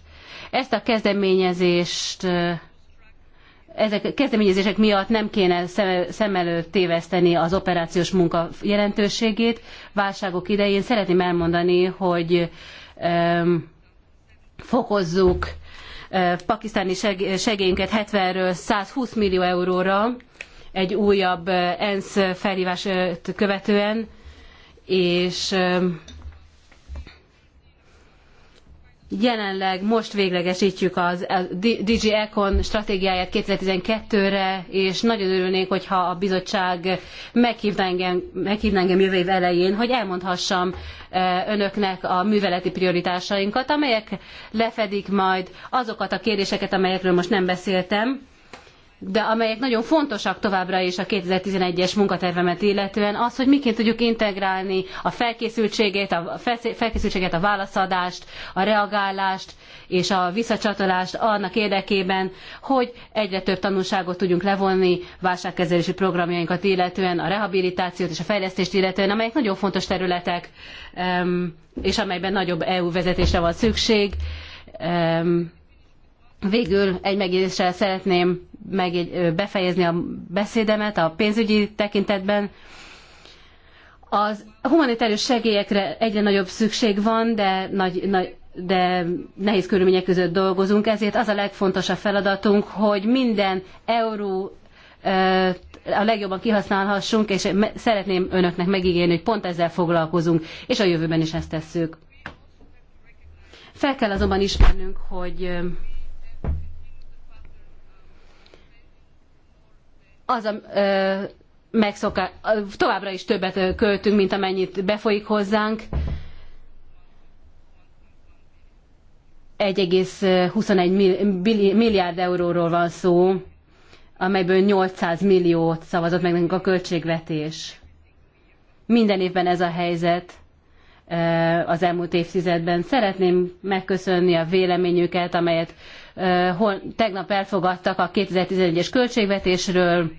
Ezt a kezdeményezést ezek a kezdeményezések miatt nem kéne szem előtt téveszteni az operációs munka jelentőségét. Válságok idején szeretném elmondani, hogy fokozzuk pakisztáni segélyünket 70-ről 120 millió euróra egy újabb ENSZ felhívást követően, és Jelenleg most véglegesítjük az DG Econ stratégiáját 2012-re, és nagyon örülnék, hogyha a bizottság meghívna engem, meghívna engem jövő év elején, hogy elmondhassam e, önöknek a műveleti prioritásainkat, amelyek lefedik majd azokat a kérdéseket, amelyekről most nem beszéltem de amelyek nagyon fontosak továbbra is a 2011-es munkatervemet illetően, az, hogy miként tudjuk integrálni a felkészültséget, a felkészültséget, a válaszadást, a reagálást és a visszacsatolást annak érdekében, hogy egyre több tanulságot tudjunk levonni válságkezelési programjainkat illetően, a rehabilitációt és a fejlesztést illetően, amelyek nagyon fontos területek, és amelyben nagyobb EU vezetésre van szükség Végül egy megjegyzéssel szeretném megjegy, befejezni a beszédemet a pénzügyi tekintetben. Az humanitárius segélyekre egyre nagyobb szükség van, de, nagy, nagy, de nehéz körülmények között dolgozunk, ezért az a legfontosabb feladatunk, hogy minden euró a legjobban kihasználhassunk, és szeretném önöknek megígérni, hogy pont ezzel foglalkozunk, és a jövőben is ezt tesszük. Fel kell azonban ismernünk, hogy az a megszoká, továbbra is többet költünk, mint amennyit befolyik hozzánk. 1,21 milliárd euróról van szó, amelyből 800 milliót szavazott meg nekünk a költségvetés. Minden évben ez a helyzet az elmúlt évtizedben. Szeretném megköszönni a véleményüket, amelyet tegnap elfogadtak a 2011-es költségvetésről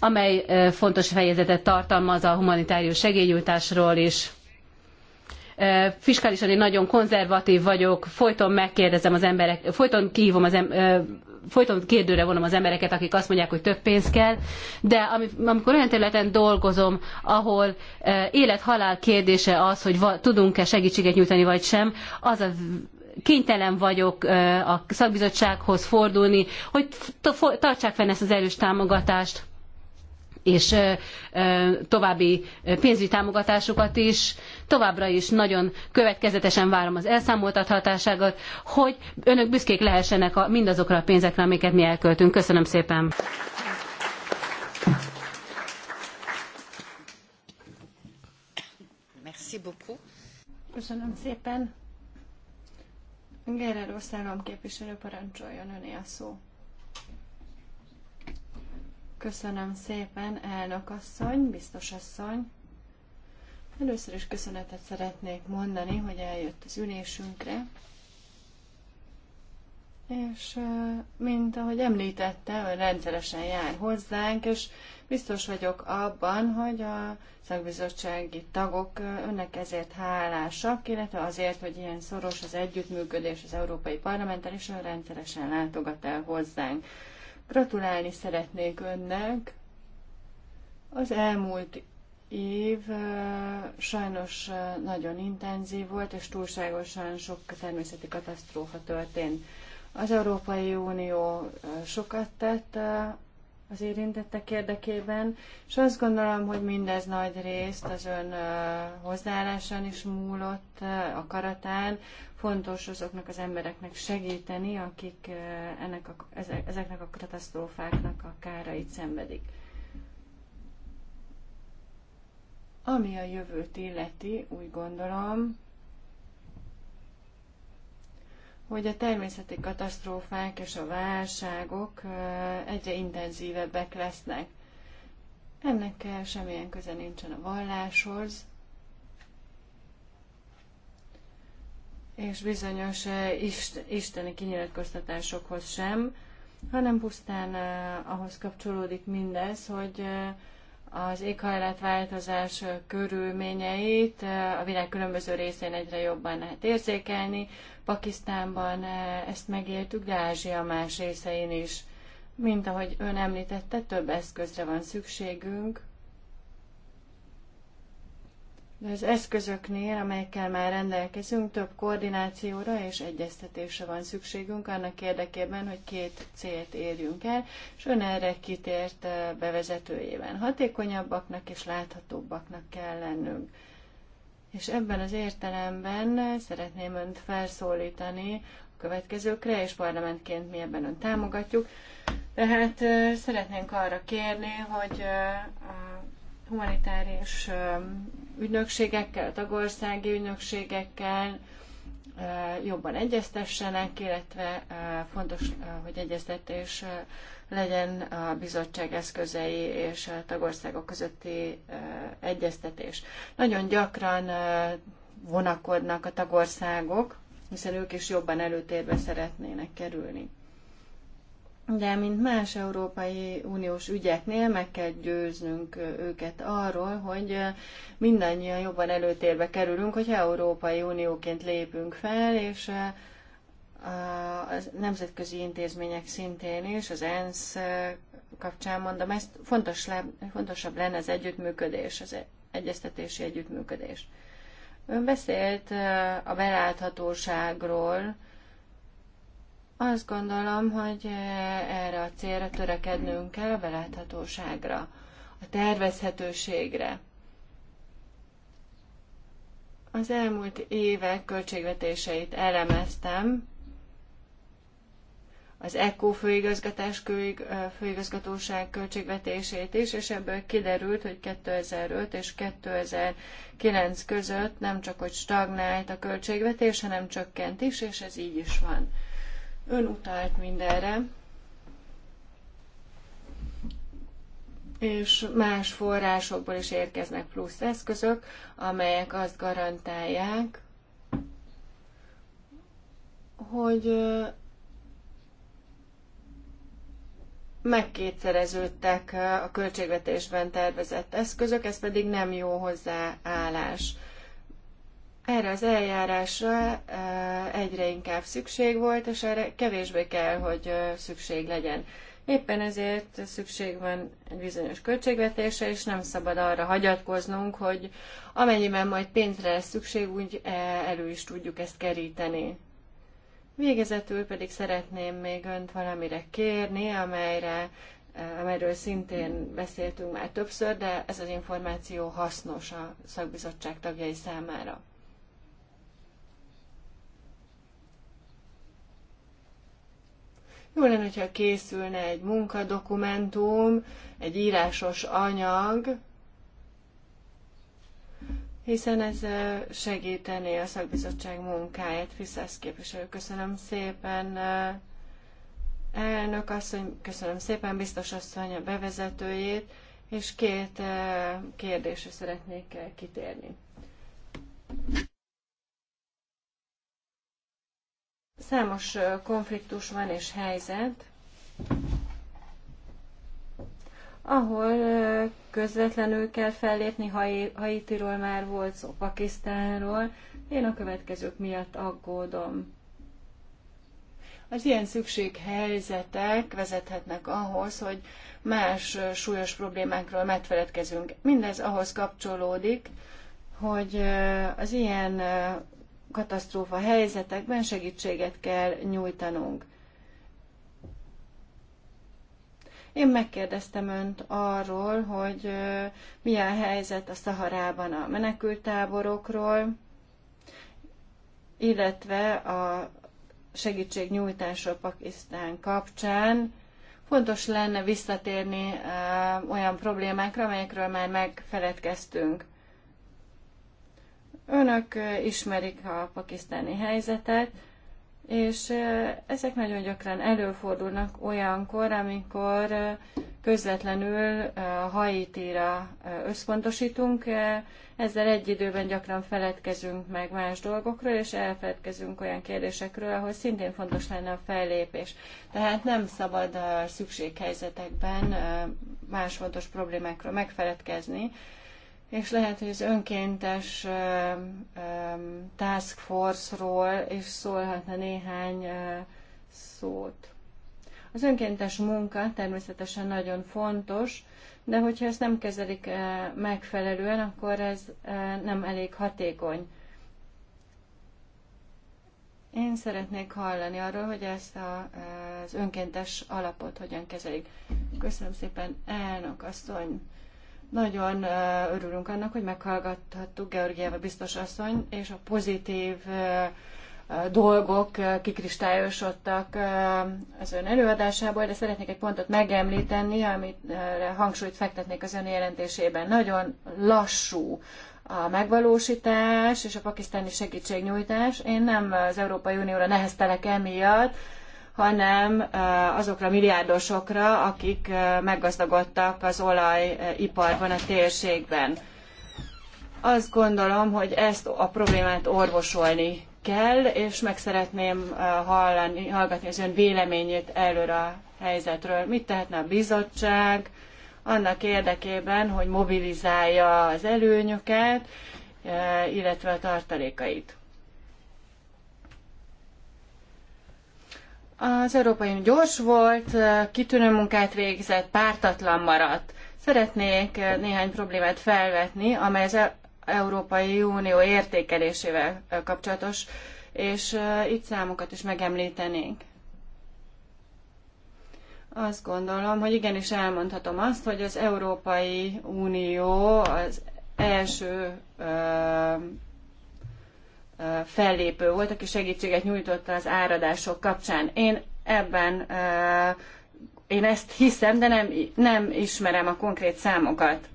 amely fontos fejezetet tartalmaz a humanitárius segélynyújtásról is. Fiskálisan én nagyon konzervatív vagyok, folyton megkérdezem az emberek, folyton kihívom az em, folyton kérdőre vonom az embereket, akik azt mondják, hogy több pénz kell, de amikor olyan területen dolgozom, ahol élet-halál kérdése az, hogy tudunk-e segítséget nyújtani vagy sem, az a kénytelen vagyok a szakbizottsághoz fordulni, hogy tartsák fenn ezt az erős támogatást és további pénzügyi támogatásokat is. Továbbra is nagyon következetesen várom az elszámoltathatáságot, hogy önök büszkék lehessenek a, mindazokra a pénzekre, amiket mi elköltünk. Köszönöm szépen! Köszönöm szépen! Gerard Osztálom képviselő parancsoljon öné a szó. Köszönöm szépen, elnök asszony, biztos asszony. Először is köszönetet szeretnék mondani, hogy eljött az ülésünkre. És mint ahogy említette, ő rendszeresen jár hozzánk, és biztos vagyok abban, hogy a szakbizottsági tagok önnek ezért hálásak, illetve azért, hogy ilyen szoros az együttműködés az Európai Parlamenten, és ő rendszeresen látogat el hozzánk. Gratulálni szeretnék önnek. Az elmúlt év sajnos nagyon intenzív volt, és túlságosan sok természeti katasztrófa történt. Az Európai Unió sokat tett az érintettek érdekében, és azt gondolom, hogy mindez nagy részt az ön hozzáállásán is múlott, akaratán, Fontos azoknak az embereknek segíteni, akik eh, ennek a, ezeknek a katasztrófáknak a kárait szenvedik. Ami a jövőt illeti, úgy gondolom, hogy a természeti katasztrófák és a válságok eh, egyre intenzívebbek lesznek. Ennek semmilyen köze nincsen a valláshoz, és bizonyos eh, isteni kinyilatkoztatásokhoz sem, hanem pusztán eh, ahhoz kapcsolódik mindez, hogy eh, az éghajlatváltozás körülményeit a világ különböző részén egyre jobban lehet érzékelni. Pakisztánban ezt megéltük, de Ázsia más részein is. Mint ahogy ön említette, több eszközre van szükségünk, de az eszközöknél, amelyekkel már rendelkezünk, több koordinációra és egyeztetésre van szükségünk annak érdekében, hogy két célt érjünk el, és ön erre kitért eh, bevezetőjében. Hatékonyabbaknak és láthatóbbaknak kell lennünk. És ebben az értelemben eh, szeretném önt felszólítani a következőkre, és parlamentként mi ebben önt támogatjuk. Tehát eh, szeretnénk arra kérni, hogy a humanitárius ügynökségekkel, tagországi ügynökségekkel jobban egyeztessenek, illetve fontos, hogy egyeztetés legyen a bizottság eszközei és a tagországok közötti egyeztetés. Nagyon gyakran vonakodnak a tagországok, hiszen ők is jobban előtérbe szeretnének kerülni de mint más Európai Uniós ügyeknél meg kell győznünk őket arról, hogy mindannyian jobban előtérbe kerülünk, hogy Európai Unióként lépünk fel, és a nemzetközi intézmények szintén is, az ENSZ kapcsán mondom, ezt fontos, fontosabb lenne az együttműködés, az e-, egyeztetési együttműködés. Ön beszélt a beláthatóságról, azt gondolom, hogy eh, erre a célra törekednünk kell, a beláthatóságra, a tervezhetőségre. Az elmúlt évek költségvetéseit elemeztem, az ECO főigazgatás eh, főigazgatóság költségvetését is, és ebből kiderült, hogy 2005 és 2009 között nem csak hogy stagnált a költségvetés, hanem csökkent is, és ez így is van. Ön utált mindenre, és más forrásokból is érkeznek plusz eszközök, amelyek azt garantálják, hogy megkétszereződtek a költségvetésben tervezett eszközök, ez pedig nem jó hozzáállás. Erre az eljárásra egyre inkább szükség volt, és erre kevésbé kell, hogy szükség legyen. Éppen ezért szükség van egy bizonyos költségvetése, és nem szabad arra hagyatkoznunk, hogy amennyiben majd pénzre lesz szükség, úgy elő is tudjuk ezt keríteni. Végezetül pedig szeretném még önt valamire kérni, amelyre, amelyről szintén beszéltünk már többször, de ez az információ hasznos a szakbizottság tagjai számára. Jó lenne, hogyha készülne egy munkadokumentum, egy írásos anyag, hiszen ez segítené a szakbizottság munkáját. Fiszesz képviselő, köszönöm szépen. Elnök asszony, köszönöm szépen, biztos asszony a bevezetőjét, és két kérdésre szeretnék kitérni. Számos konfliktus van és helyzet, ahol közvetlenül kell fellépni, Haitiról már volt szó, Pakisztánról. Én a következők miatt aggódom. Az ilyen szükséghelyzetek vezethetnek ahhoz, hogy más súlyos problémákról megfeledkezünk. Mindez ahhoz kapcsolódik, hogy az ilyen katasztrófa helyzetekben segítséget kell nyújtanunk. Én megkérdeztem önt arról, hogy milyen helyzet a Szaharában a menekültáborokról, illetve a segítségnyújtásról Pakisztán kapcsán. Fontos lenne visszatérni olyan problémákra, amelyekről már megfeledkeztünk. Önök ismerik a pakisztáni helyzetet, és ezek nagyon gyakran előfordulnak olyankor, amikor közvetlenül Haitira összpontosítunk, ezzel egy időben gyakran feledkezünk meg más dolgokról, és elfeledkezünk olyan kérdésekről, ahol szintén fontos lenne a fellépés. Tehát nem szabad a szükséghelyzetekben más fontos problémákról megfeledkezni, és lehet, hogy az önkéntes task force-ról is szólhatna néhány szót. Az önkéntes munka természetesen nagyon fontos, de hogyha ezt nem kezelik megfelelően, akkor ez nem elég hatékony. Én szeretnék hallani arról, hogy ezt a, az önkéntes alapot hogyan kezelik. Köszönöm szépen, elnök asszony! Nagyon örülünk annak, hogy meghallgathattuk Georgieva biztos asszony, és a pozitív dolgok kikristályosodtak az ön előadásából, de szeretnék egy pontot megemlíteni, amit hangsúlyt fektetnék az ön jelentésében. Nagyon lassú a megvalósítás és a pakisztáni segítségnyújtás. Én nem az Európai Unióra neheztelek emiatt, hanem azokra a milliárdosokra, akik meggazdagodtak az olajiparban a térségben. Azt gondolom, hogy ezt a problémát orvosolni kell, és meg szeretném hallani, hallgatni az ön véleményét előre a helyzetről. Mit tehetne a bizottság annak érdekében, hogy mobilizálja az előnyöket, illetve a tartalékait? Az Európai Unió gyors volt, kitűnő munkát végzett, pártatlan maradt. Szeretnék eh, néhány problémát felvetni, amely az e- Európai Unió értékelésével eh, kapcsolatos, és eh, itt számokat is megemlítenénk. Azt gondolom, hogy igenis elmondhatom azt, hogy az Európai Unió az első fellépő volt, aki segítséget nyújtott az áradások kapcsán. Én ebben én ezt hiszem, de nem, nem ismerem a konkrét számokat.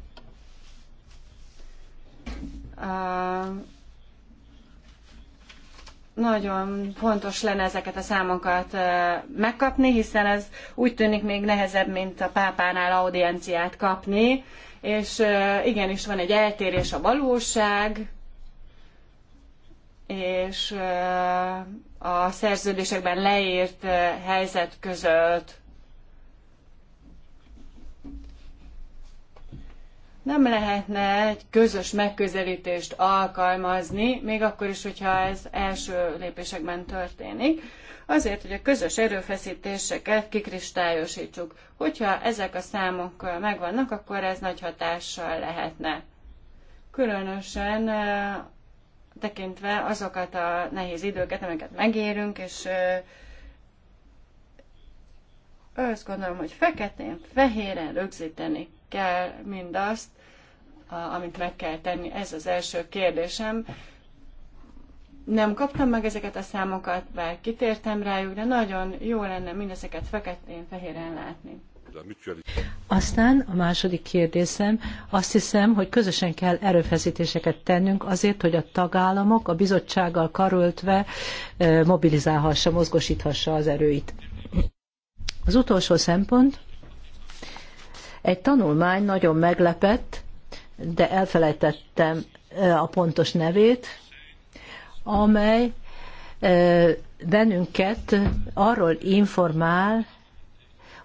nagyon fontos lenne ezeket a számokat megkapni, hiszen ez úgy tűnik még nehezebb, mint a pápánál audienciát kapni, és igenis van egy eltérés a valóság, és a szerződésekben leírt helyzet között. Nem lehetne egy közös megközelítést alkalmazni, még akkor is, hogyha ez első lépésekben történik, azért, hogy a közös erőfeszítéseket kikristályosítsuk. Hogyha ezek a számok megvannak, akkor ez nagy hatással lehetne. Különösen tekintve azokat a nehéz időket, amiket megérünk, és azt gondolom, hogy feketén, fehéren rögzíteni kell mindazt, amit meg kell tenni. Ez az első kérdésem. Nem kaptam meg ezeket a számokat, bár kitértem rájuk, de nagyon jó lenne mindezeket feketén, fehéren látni. Aztán a második kérdésem, azt hiszem, hogy közösen kell erőfeszítéseket tennünk azért, hogy a tagállamok a bizottsággal karöltve mobilizálhassa, mozgosíthassa az erőit. Az utolsó szempont, egy tanulmány nagyon meglepett, de elfelejtettem a pontos nevét, amely bennünket arról informál,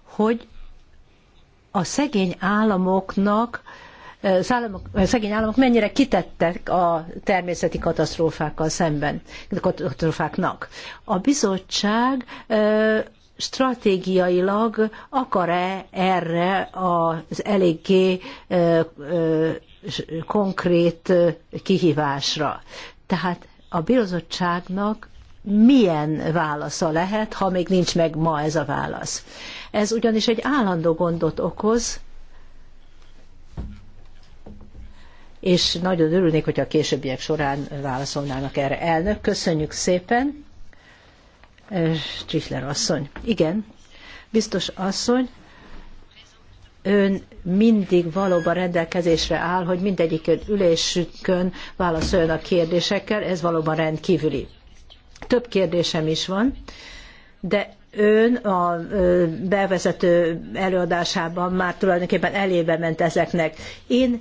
hogy a szegény államoknak eh, az államok, a szegény államok mennyire kitettek a természeti katasztrófákkal szemben, katasztrófáknak. A bizottság eh, stratégiailag akar-e erre az eléggé eh, konkrét kihívásra. Tehát a bizottságnak milyen válasza lehet, ha még nincs meg ma ez a válasz. Ez ugyanis egy állandó gondot okoz, és nagyon örülnék, hogy a későbbiek során válaszolnának erre. Elnök, köszönjük szépen. Csichler asszony. Igen, biztos asszony, ön mindig valóban rendelkezésre áll, hogy mindegyik ülésükön válaszoljon a kérdésekkel, ez valóban rendkívüli. Több kérdésem is van, de ön a bevezető előadásában már tulajdonképpen elébe ment ezeknek. Én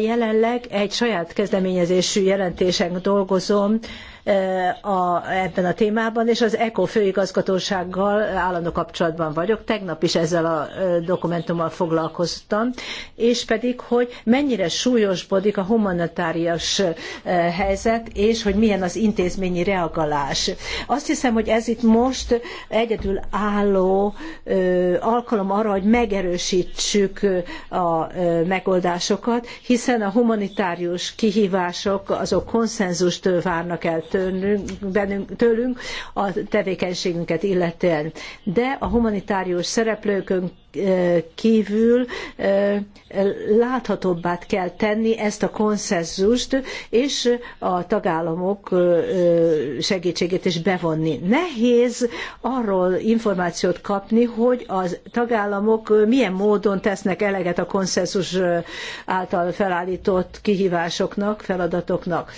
Jelenleg egy saját kezdeményezésű jelentésen dolgozom eh, a, ebben a témában, és az ECO főigazgatósággal állandó kapcsolatban vagyok. Tegnap is ezzel a eh, dokumentummal foglalkoztam, és pedig, hogy mennyire súlyosbodik a humanitárius eh, helyzet, és hogy milyen az intézményi reagálás. Azt hiszem, hogy ez itt most egyedül álló alkalom arra, hogy megerősítsük a megoldásokat, hiszen a humanitárius kihívások azok konszenzust várnak el tőlünk, bennünk, tőlünk a tevékenységünket illetően. De a humanitárius szereplőkön kívül láthatóbbá kell tenni ezt a konszenzust, és a tagállamok segítségét is bevonni. Nehéz arról információt kapni, hogy a tagállamok milyen módon tesznek eleget a konszenzus által felállított kihívásoknak, feladatoknak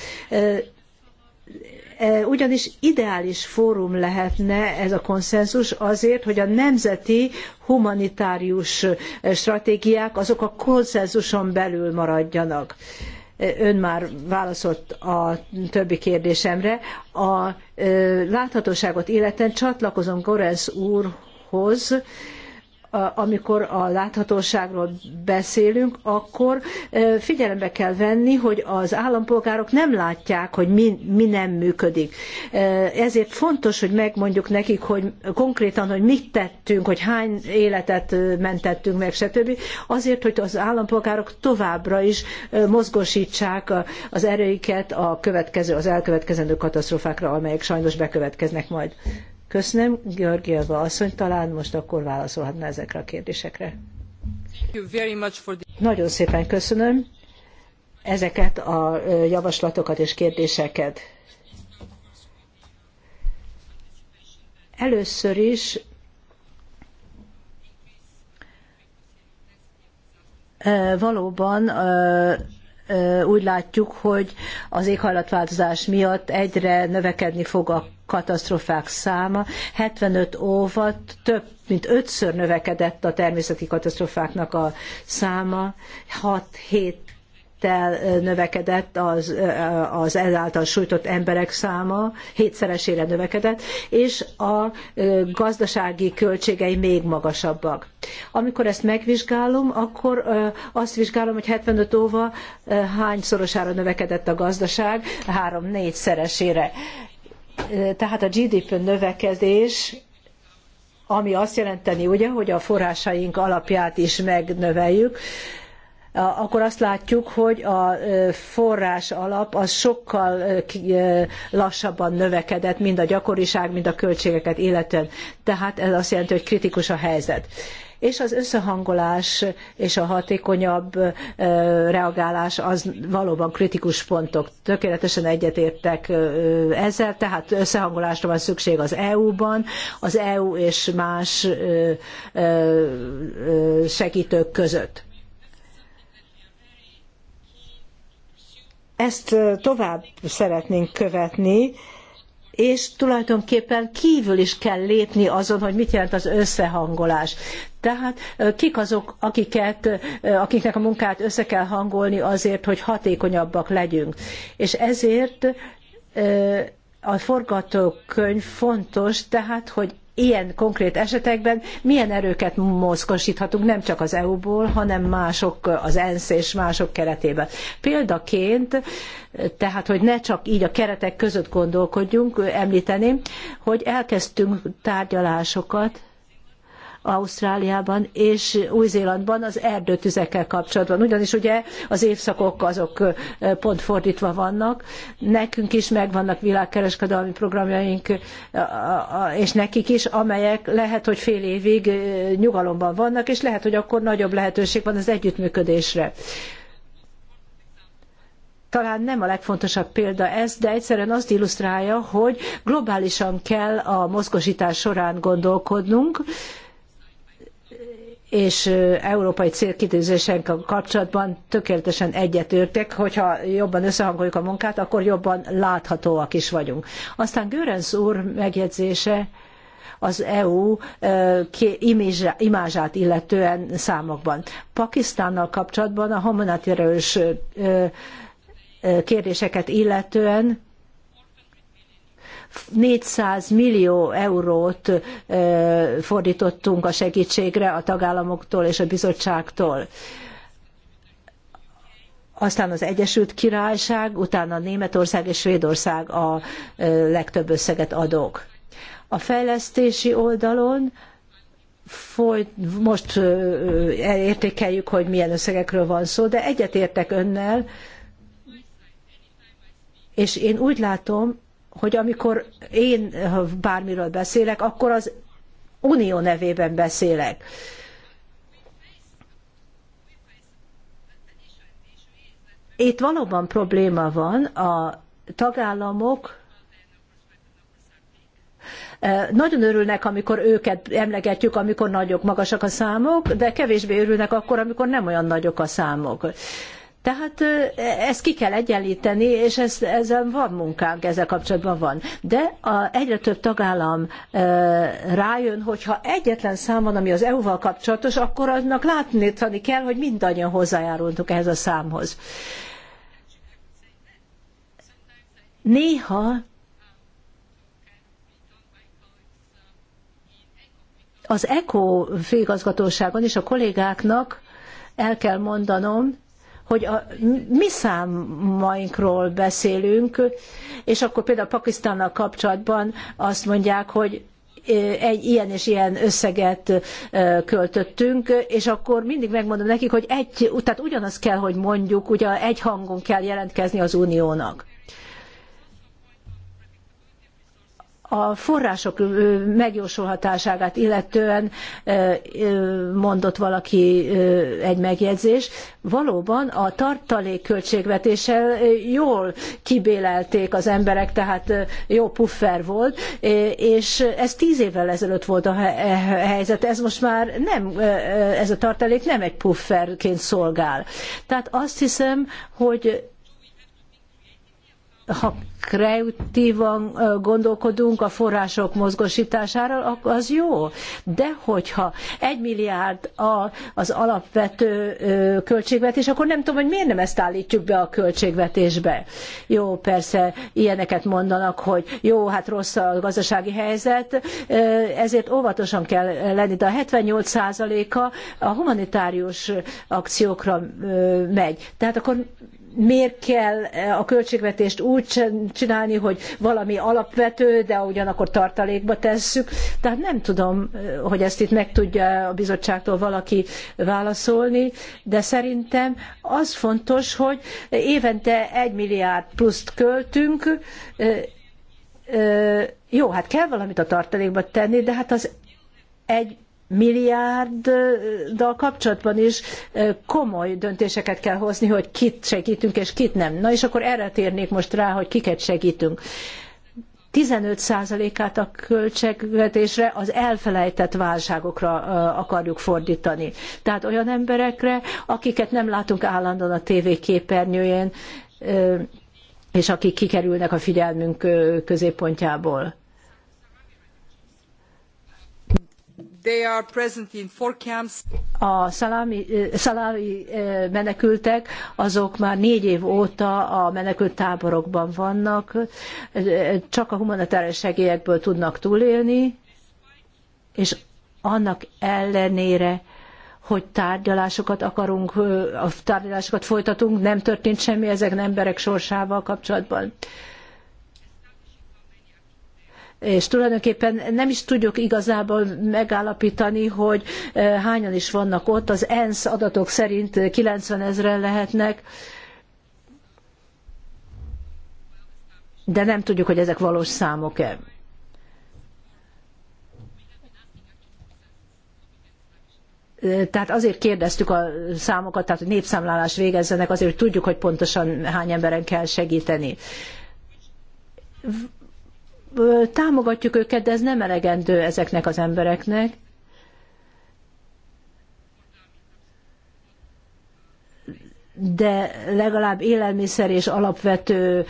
E, ugyanis ideális fórum lehetne ez a konszenzus azért, hogy a nemzeti humanitárius e, stratégiák azok a konszenzuson belül maradjanak. E, ön már válaszolt a többi kérdésemre. A láthatóságot illetően csatlakozom Gorenz úrhoz, amikor a láthatóságról beszélünk, akkor figyelembe kell venni, hogy az állampolgárok nem látják, hogy mi, mi nem működik. Ezért fontos, hogy megmondjuk nekik, hogy konkrétan, hogy mit tettünk, hogy hány életet mentettünk meg, stb. Azért, hogy az állampolgárok továbbra is mozgosítsák az erőiket a következő, az elkövetkezendő katasztrófákra, amelyek sajnos bekövetkeznek majd. Köszönöm, Georgieva asszony, talán most akkor válaszolhatna ezekre a kérdésekre. Nagyon szépen köszönöm ezeket a javaslatokat és kérdéseket. Először is valóban úgy látjuk, hogy az éghajlatváltozás miatt egyre növekedni fog a katasztrofák száma. 75 óvat több mint ötször növekedett a természeti katasztrofáknak a száma, 6-7 tel növekedett az, az ezáltal sújtott emberek száma, hétszeresére növekedett, és a gazdasági költségei még magasabbak. Amikor ezt megvizsgálom, akkor azt vizsgálom, hogy 75 óva hányszorosára növekedett a gazdaság, 3-4 szeresére. Tehát a GDP növekedés ami azt jelenteni ugye, hogy a forrásaink alapját is megnöveljük, akkor azt látjuk, hogy a forrás alap az sokkal lassabban növekedett, mind a gyakoriság, mind a költségeket illetően. Tehát ez azt jelenti, hogy kritikus a helyzet és az összehangolás és a hatékonyabb reagálás az valóban kritikus pontok. Tökéletesen egyetértek ezzel, tehát összehangolásra van szükség az EU-ban, az EU és más segítők között. Ezt tovább szeretnénk követni, és tulajdonképpen kívül is kell lépni azon, hogy mit jelent az összehangolás. Tehát kik azok, akiket, akiknek a munkát össze kell hangolni azért, hogy hatékonyabbak legyünk. És ezért a forgatókönyv fontos, tehát hogy ilyen konkrét esetekben milyen erőket mozgosíthatunk nem csak az EU-ból, hanem mások, az ENSZ e és mások keretében. Példaként, tehát hogy ne csak így a keretek között gondolkodjunk, említeném, hogy elkezdtünk tárgyalásokat Ausztráliában és Új-Zélandban az erdőtüzekkel kapcsolatban. Ugyanis ugye az évszakok azok pont fordítva vannak. Nekünk is megvannak világkereskedelmi programjaink, és nekik is, amelyek lehet, hogy fél évig nyugalomban vannak, és lehet, hogy akkor nagyobb lehetőség van az együttműködésre talán nem a legfontosabb példa ez, de egyszerűen azt illusztrálja, hogy globálisan kell a mozgósítás során gondolkodnunk, és európai célkitűzésekkel kapcsolatban tökéletesen egyetértek, hogyha jobban összehangoljuk a munkát, akkor jobban láthatóak is vagyunk. Aztán Görenc úr megjegyzése az EU imázsát illetően számokban. Pakisztánnal kapcsolatban a homonatirős kérdéseket illetően 400 millió eurót fordítottunk a segítségre a tagállamoktól és a bizottságtól aztán az Egyesült Királyság, utána Németország és Svédország a legtöbb összeget adók. A fejlesztési oldalon folyt, most értékeljük, hogy milyen összegekről van szó, de egyetértek önnel, és én úgy látom, hogy amikor én bármiről beszélek, akkor az unió nevében beszélek. Itt valóban probléma van, a tagállamok e, nagyon örülnek, amikor őket emlegetjük, amikor nagyok, magasak a számok, de kevésbé örülnek akkor, amikor nem olyan nagyok a számok. Tehát ezt ki kell egyenlíteni, és ez, ezen van munkánk, ezzel kapcsolatban van. De a, egyre több tagállam e, rájön, hogyha egyetlen szám van, ami az EU-val kapcsolatos, akkor annak látni kell, hogy mindannyian hozzájárultunk ehhez a számhoz. Néha az ECO főigazgatóságon is a kollégáknak el kell mondanom, hogy a mi számainkról beszélünk, és akkor például Pakisztánnal kapcsolatban azt mondják, hogy egy ilyen és ilyen összeget költöttünk, és akkor mindig megmondom nekik, hogy egy, tehát ugyanazt kell, hogy mondjuk, ugye egy hangon kell jelentkezni az uniónak. a források megjósolhatáságát illetően mondott valaki egy megjegyzés. Valóban a tartalék költségvetéssel jól kibélelték az emberek, tehát jó puffer volt, és ez tíz évvel ezelőtt volt a e-, helyzet. Ez most már nem, ez a tartalék nem egy pufferként szolgál. Tehát azt hiszem, hogy ha kreatívan gondolkodunk a források akkor az jó. De hogyha egy milliárd az alapvető költségvetés, akkor nem tudom, hogy miért nem ezt állítjuk be a költségvetésbe. Jó, persze ilyeneket mondanak, hogy jó, hát rossz a gazdasági helyzet, ezért óvatosan kell lenni, de a 78%-a a humanitárius akciókra megy. Tehát akkor miért kell eh, a költségvetést úgy csinálni, hogy valami alapvető, de ugyanakkor tartalékba tesszük. Tehát nem tudom, eh, hogy ezt itt meg tudja a bizottságtól valaki válaszolni, de szerintem az fontos, hogy évente egy milliárd pluszt költünk, eh, jó, hát kell valamit a tartalékba tenni, de hát az egy milliárddal kapcsolatban is komoly döntéseket kell hozni, hogy kit segítünk és kit nem. Na és akkor erre térnék most rá, hogy kiket segítünk. 15%-át a költségvetésre az elfelejtett válságokra akarjuk fordítani. Tehát olyan emberekre, akiket nem látunk állandóan a tévé képernyőjén, és akik kikerülnek a figyelmünk középpontjából. They are present in four camps. A szalámi, szalámi menekültek, azok már négy év óta a menekült táborokban vannak, csak a humanitárius segélyekből tudnak túlélni, és annak ellenére, hogy tárgyalásokat akarunk, tárgyalásokat folytatunk, nem történt semmi ezek emberek sorsával kapcsolatban és tulajdonképpen nem is tudjuk igazából megállapítani, hogy eh, hányan is vannak ott. Az ENSZ adatok szerint 90 ezeren lehetnek, de nem tudjuk, hogy ezek valós számok-e. Eh, tehát azért kérdeztük a számokat, tehát hogy népszámlálás végezzenek, azért, hogy tudjuk, hogy pontosan hány emberen kell segíteni támogatjuk őket, de ez nem elegendő ezeknek az embereknek. de legalább élelmiszer és alapvető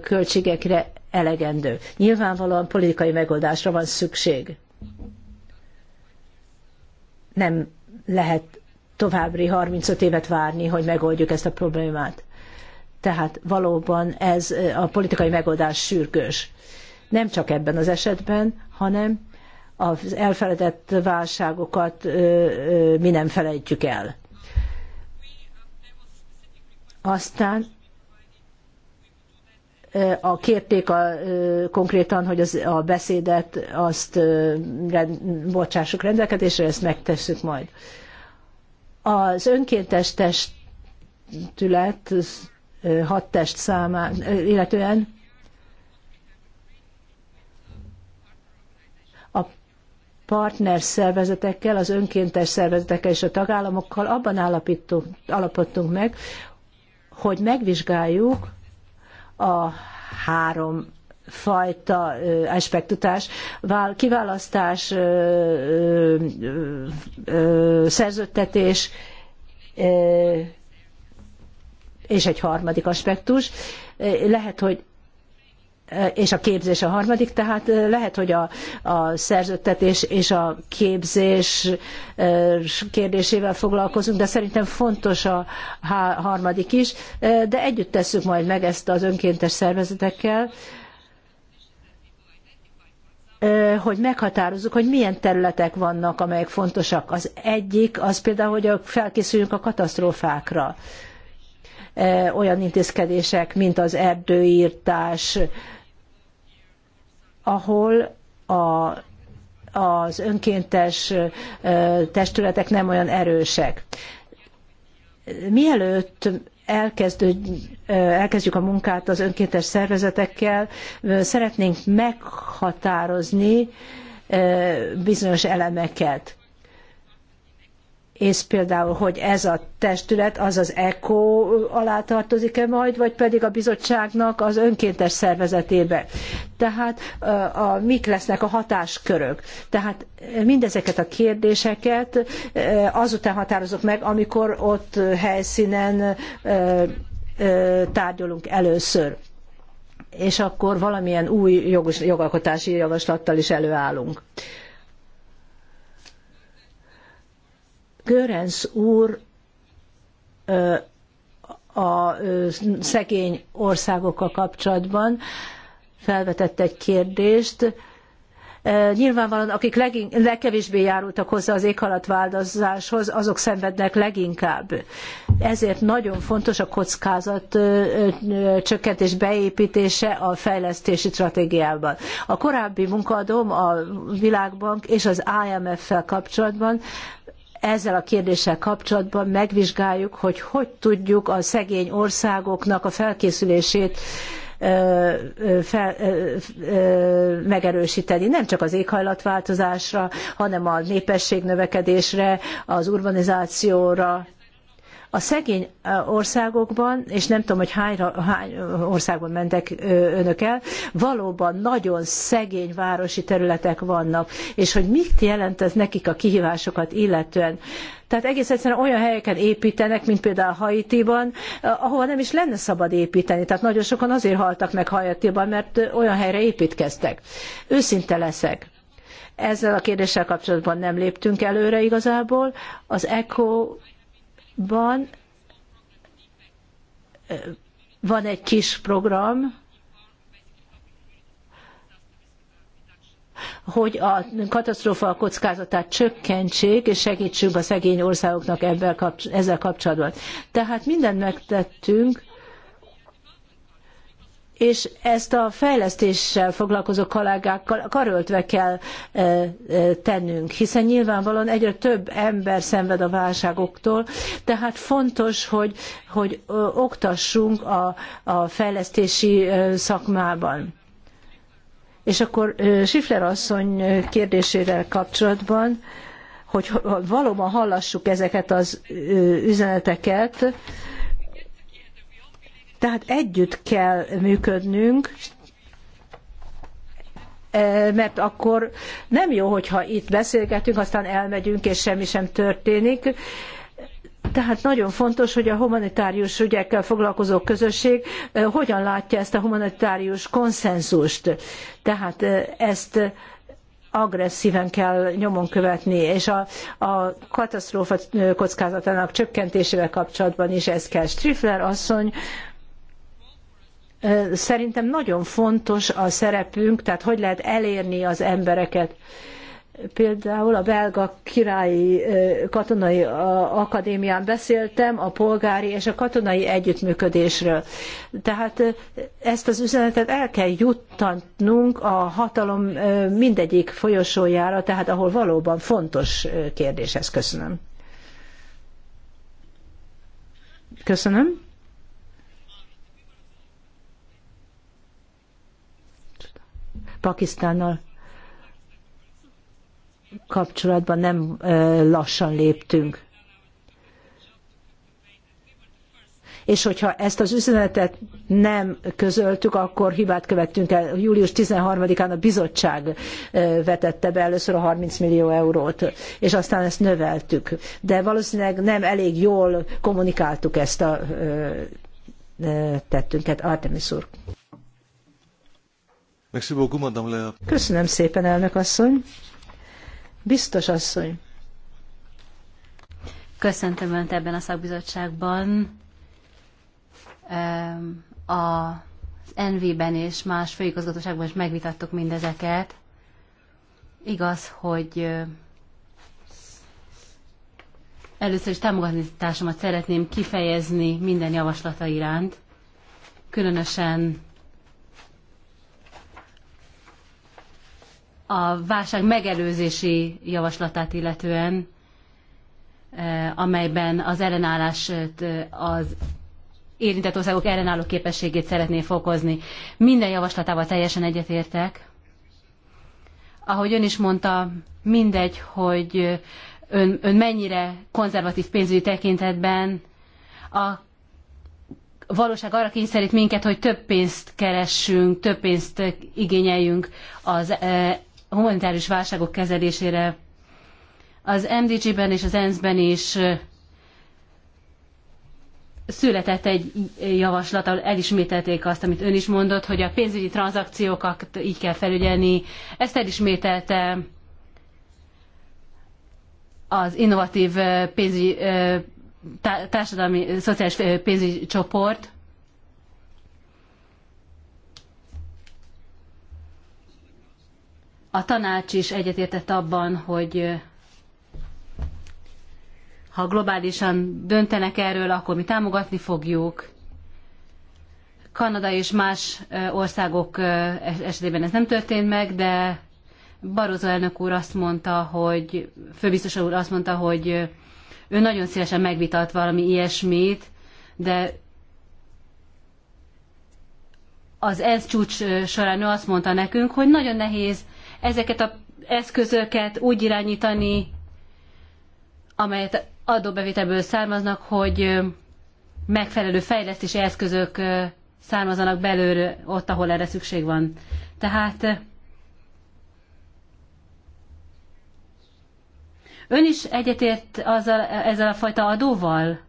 költségekre elegendő. Nyilvánvalóan politikai megoldásra van szükség. Nem lehet további 35 évet várni, hogy megoldjuk ezt a problémát. Tehát valóban ez a politikai megoldás sürgős nem csak ebben az esetben, hanem az elfeledett válságokat mi nem felejtjük el. Aztán a kérték a, konkrétan, hogy az, a beszédet azt rend, bocsássuk rendelkezésre, ezt megtesszük majd. Az önkéntes testület hat test számára, illetően partner szervezetekkel, az önkéntes szervezetekkel és a tagállamokkal abban állapítunk, állapodtunk meg, hogy megvizsgáljuk a három fajta aspektutás, kiválasztás, szerződtetés és egy harmadik aspektus. Lehet, hogy Eh, és a képzés a harmadik, tehát eh, lehet, hogy a, a szerződtetés és a képzés eh, kérdésével foglalkozunk, de szerintem fontos a harmadik is, de együtt tesszük majd meg ezt az önkéntes szervezetekkel, hogy meghatározzuk, hogy milyen területek vannak, amelyek fontosak. Az egyik az például, hogy felkészüljünk a katasztrófákra. Olyan intézkedések, mint az erdőírtás, ahol a az önkéntes testületek nem olyan erősek. Mielőtt elkezdjük a munkát az önkéntes szervezetekkel, szeretnénk meghatározni bizonyos elemeket és például, hogy ez a testület, az az ECO alá tartozik-e majd, vagy pedig a bizottságnak az önkéntes szervezetébe. Tehát a, a, mik lesznek a hatáskörök. Tehát mindezeket a kérdéseket azután határozok meg, amikor ott helyszínen tárgyalunk először és akkor valamilyen új jogos, jogalkotási javaslattal is előállunk. Görenc úr a szegény országokkal kapcsolatban felvetett egy kérdést. Nyilvánvalóan, akik legkevésbé járultak hozzá az éghalatváldozáshoz, azok szenvednek leginkább. Ezért nagyon fontos a kockázat csökkentés beépítése a fejlesztési stratégiában. A korábbi munkadom a Világbank és az IMF-fel kapcsolatban ezzel a kérdéssel kapcsolatban megvizsgáljuk, hogy hogy tudjuk a szegény országoknak a felkészülését fel, megerősíteni, nem csak az éghajlatváltozásra, hanem a népesség növekedésre, az urbanizációra, a szegény országokban, és nem tudom, hogy hány, hány országban mentek önök el, valóban nagyon szegény városi területek vannak, és hogy mit jelent ez nekik a kihívásokat illetően. Tehát egész egyszerűen olyan helyeken építenek, mint például Haitiban, ahova nem is lenne szabad építeni. Tehát nagyon sokan azért haltak meg Haitiban, mert olyan helyre építkeztek. Őszinte leszek ezzel a kérdéssel kapcsolatban nem léptünk előre igazából. Az Echo van van egy kis program, hogy a katasztrófa kockázatát csökkentsék, és segítsünk a szegény országoknak ebben, ezzel kapcsolatban. Tehát mindent megtettünk, és ezt a fejlesztéssel foglalkozó kollégákkal karöltve kell e, e, tennünk, hiszen nyilvánvalóan egyre több ember szenved a válságoktól, tehát fontos, hogy, hogy oktassunk a, a fejlesztési szakmában. És akkor Sifler asszony kérdésére kapcsolatban, hogy valóban hallassuk ezeket az üzeneteket, tehát együtt kell működnünk, e, mert akkor nem jó, hogyha itt beszélgetünk, aztán elmegyünk, és semmi sem történik. Tehát nagyon fontos, hogy a humanitárius ügyekkel foglalkozó közösség e, hogyan látja ezt a humanitárius konszenzust. Tehát e, ezt agresszíven kell nyomon követni, és a, a katasztrófa kockázatának csökkentésével kapcsolatban is ez kell. Strifler asszony Szerintem nagyon fontos a szerepünk, tehát hogy lehet elérni az embereket. Például a belga királyi katonai akadémián beszéltem a polgári és a katonai együttműködésről. Tehát ezt az üzenetet el kell juttatnunk a hatalom mindegyik folyosójára, tehát ahol valóban fontos kérdés ez. Köszönöm. Köszönöm. Pakisztánnal kapcsolatban nem lassan léptünk. és hogyha ezt az üzenetet nem közöltük, akkor hibát követtünk el. Július 13-án a bizottság vetette be először a 30 millió eurót, és aztán ezt növeltük. De valószínűleg nem elég jól kommunikáltuk ezt a tettünket. Artemis úr. Köszönöm szépen, elnök asszony. Biztos asszony. Köszöntöm Önt ebben a szakbizottságban. Az NV-ben és más főigazgatóságban is megvitattuk mindezeket. Igaz, hogy először is támogatásomat szeretném kifejezni minden javaslata iránt, különösen a válság megelőzési javaslatát illetően, eh, amelyben az ellenállás eh, az érintett országok ellenálló képességét szeretné fokozni. Minden javaslatával teljesen egyetértek. Ahogy ön is mondta, mindegy, hogy ön, ön mennyire konzervatív pénzügyi tekintetben, a valóság arra kényszerít minket, hogy több pénzt keressünk, több pénzt igényeljünk az eh, humanitárius válságok kezelésére. Az MDG-ben és az ENSZ-ben is született egy javaslat, ahol elismételték azt, amit ön is mondott, hogy a pénzügyi tranzakciókat így kell felügyelni. Ezt elismételte az innovatív pénzügyi társadalmi szociális pénzügyi csoport, a tanács is egyetértett abban, hogy ha globálisan döntenek erről, akkor mi támogatni fogjuk. Kanada és más országok esetében ez nem történt meg, de Barozó elnök úr azt mondta, hogy főbiztos úr azt mondta, hogy ő nagyon szívesen megvitat valami ilyesmit, de az ENSZ csúcs során ő azt mondta nekünk, hogy nagyon nehéz ezeket az eszközöket úgy irányítani, amelyet adóbevételből származnak, hogy megfelelő fejlesztési eszközök származanak belőle ott, ahol erre szükség van. Tehát Ön is egyetért azzal, ezzel a fajta adóval?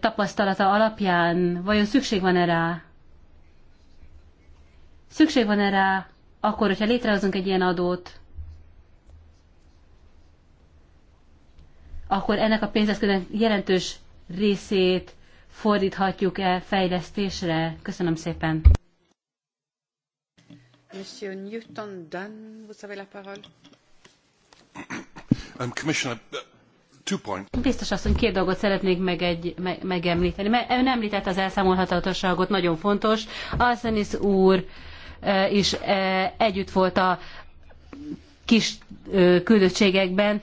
Tapasztalata alapján vajon szükség van erre? Szükség van erre? akkor, hogyha létrehozunk egy ilyen adót, akkor ennek a pénzeszköznek jelentős részét fordíthatjuk el fejlesztésre. Köszönöm szépen. Monsieur Newton Dan, vous avez la parole. Um, commissioner, uh, two points. Biztos hogy két dolgot szeretnék meg egy, me, megemlíteni. Ön említett az elszámolhatatosságot, nagyon fontos. Arsenis úr, is együtt volt a kis küldöttségekben.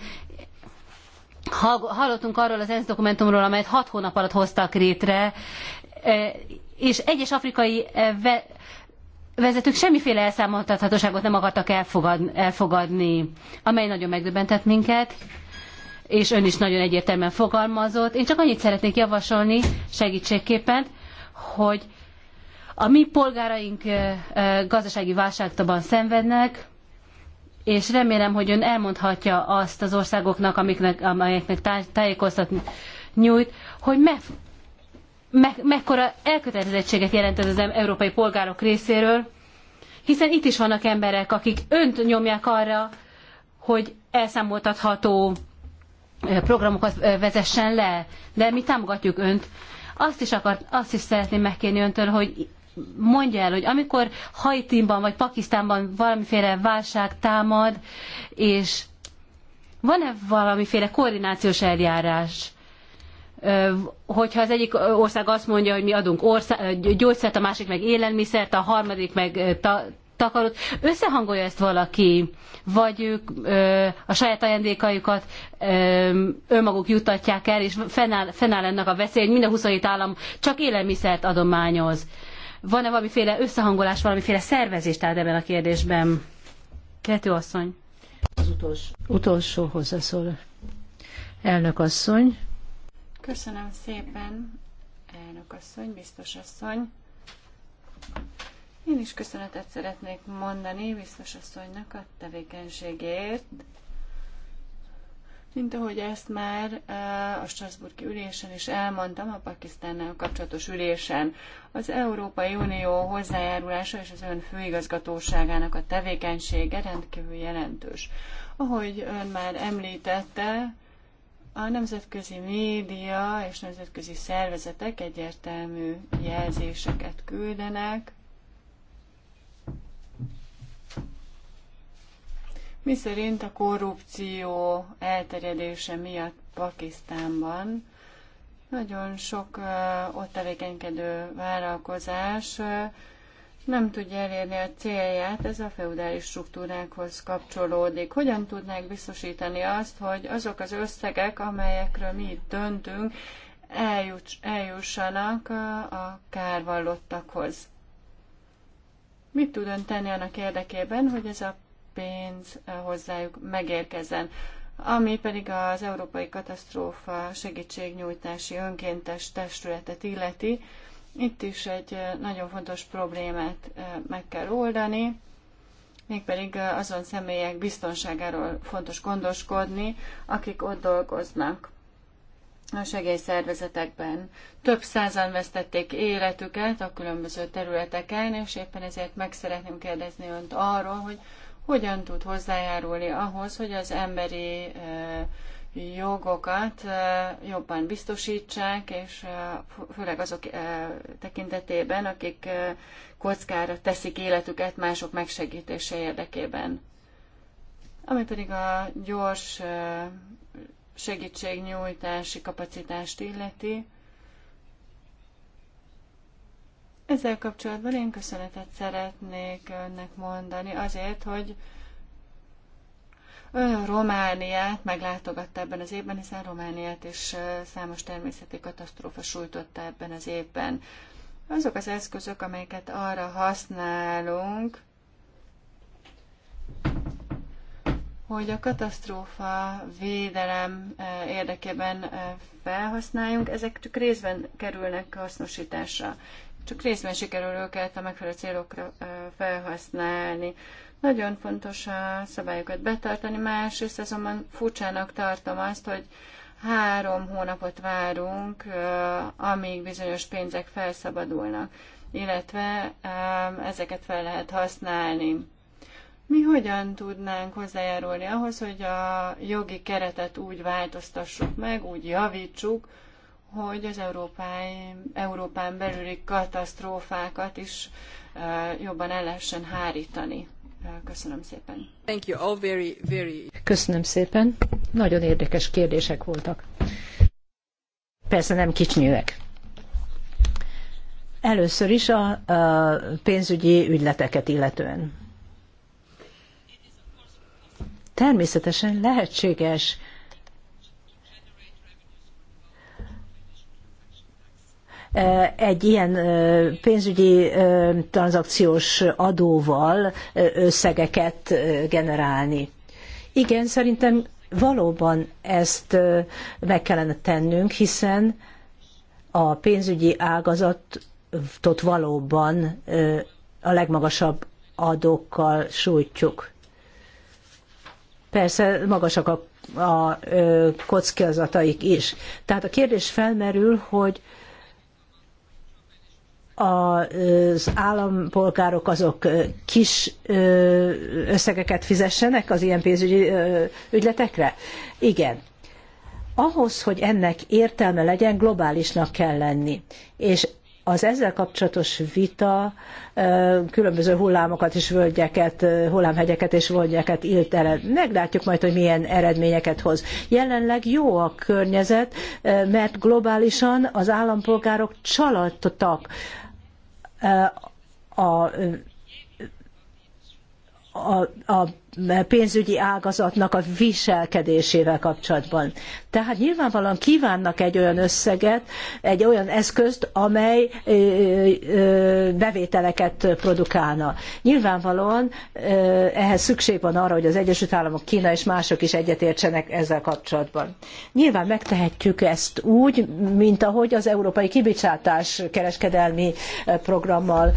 Hallottunk arról az ENSZ dokumentumról, amelyet hat hónap alatt hoztak létre, és egyes afrikai vezetők semmiféle elszámoltathatóságot nem akartak elfogadni, amely nagyon megdöbbentett minket és ön is nagyon egyértelműen fogalmazott. Én csak annyit szeretnék javasolni segítségképpen, hogy a mi polgáraink eh, eh, gazdasági válságban szenvednek, és remélem, hogy ön elmondhatja azt az országoknak, amiknek, amelyeknek tájékoztatni nyújt, hogy me, me, mekkora elkötelezettséget jelent ez az európai polgárok részéről, hiszen itt is vannak emberek, akik önt nyomják arra, hogy elszámoltatható eh, programokat vezessen le, de mi támogatjuk önt. Azt is, akart, azt is szeretném megkérni öntől, hogy mondja el, hogy amikor Haitinban vagy Pakisztánban valamiféle válság támad, és van-e valamiféle koordinációs eljárás? hogyha az egyik ország azt mondja, hogy mi adunk ország, gyógyszert, a másik meg élelmiszert, a harmadik meg ta, takarót, összehangolja ezt valaki, vagy ők ö, a saját ajándékaikat ö, önmaguk jutatják el, és fennáll, fennáll ennek a veszély, hogy mind a 27 állam csak élelmiszert adományoz. Ö, van-e valamiféle összehangolás, valamiféle szervezés tehát ebben a kérdésben? Kető asszony. Az utolsó. Utolsó hozzászól. Elnök asszony. Köszönöm szépen, elnök asszony, biztos asszony. Én is köszönetet szeretnék mondani biztos asszonynak a tevékenységért, mint ahogy ezt már eh, a Strasburgi ülésen is elmondtam, a Pakisztánnal kapcsolatos ülésen, az Európai Unió hozzájárulása és az ön főigazgatóságának a tevékenysége rendkívül jelentős. Ahogy ön már említette, a nemzetközi média és nemzetközi szervezetek egyértelmű jelzéseket küldenek miszerint a korrupció elterjedése miatt Pakisztánban nagyon sok ott tevékenykedő vállalkozás nem tudja elérni a célját, ez a feudális struktúrákhoz kapcsolódik. Hogyan tudnák biztosítani azt, hogy azok az összegek, amelyekről mi itt döntünk, eljuts, eljussanak a kárvallottakhoz? Mit tud ön tenni annak érdekében, hogy ez a pénz hozzájuk megérkezzen. Ami pedig az Európai Katasztrófa Segítségnyújtási Önkéntes Testületet illeti, itt is egy nagyon fontos problémát meg kell oldani, mégpedig azon személyek biztonságáról fontos gondoskodni, akik ott dolgoznak a segélyszervezetekben. Több százan vesztették életüket a különböző területeken, és éppen ezért meg szeretném kérdezni önt arról, hogy hogyan tud hozzájárulni ahhoz, hogy az emberi jogokat jobban biztosítsák, és főleg azok tekintetében, akik kockára teszik életüket mások megsegítése érdekében. Ami pedig a gyors segítségnyújtási kapacitást illeti, Ezzel kapcsolatban én köszönetet szeretnék önnek mondani azért, hogy ön Romániát meglátogatta ebben az évben, hiszen Romániát is számos természeti katasztrófa sújtotta ebben az évben. Azok az eszközök, amelyeket arra használunk, hogy a katasztrófa védelem érdekében felhasználjunk, ezek csak részben kerülnek hasznosításra csak részben sikerül őket a megfelelő célokra felhasználni. Nagyon fontos a szabályokat betartani, másrészt azonban furcsának tartom azt, hogy három hónapot várunk, amíg bizonyos pénzek felszabadulnak, illetve ezeket fel lehet használni. Mi hogyan tudnánk hozzájárulni ahhoz, hogy a jogi keretet úgy változtassuk meg, úgy javítsuk, hogy az Európai, Európán belüli katasztrófákat is jobban el lehessen hárítani. Köszönöm szépen. Thank you all very, very... Köszönöm szépen. Nagyon érdekes kérdések voltak. Persze nem kicsinyűek. Először is a, pénzügyi ügyleteket illetően. Természetesen lehetséges egy ilyen pénzügyi tranzakciós adóval összegeket generálni. Igen, szerintem valóban ezt meg kellene tennünk, hiszen a pénzügyi ágazatot valóban a legmagasabb adókkal sújtjuk. Persze magasak a, a kockázataik is. Tehát a kérdés felmerül, hogy az állampolgárok azok kis összegeket fizessenek az ilyen pénzügyi ügyletekre? Igen. Ahhoz, hogy ennek értelme legyen, globálisnak kell lenni. És az ezzel kapcsolatos vita különböző hullámokat és völgyeket, hullámhegyeket és völgyeket írt el. Meglátjuk majd, hogy milyen eredményeket hoz. Jelenleg jó a környezet, mert globálisan az állampolgárok csalódtak a a, a pénzügyi ágazatnak a viselkedésével kapcsolatban. Tehát nyilvánvalóan kívánnak egy olyan összeget, egy olyan eszközt, amely bevételeket produkálna. Nyilvánvalóan ehhez szükség van arra, hogy az Egyesült Államok, Kína és mások is egyetértsenek ezzel kapcsolatban. Nyilván megtehetjük ezt úgy, mint ahogy az Európai Kibicsátás kereskedelmi programmal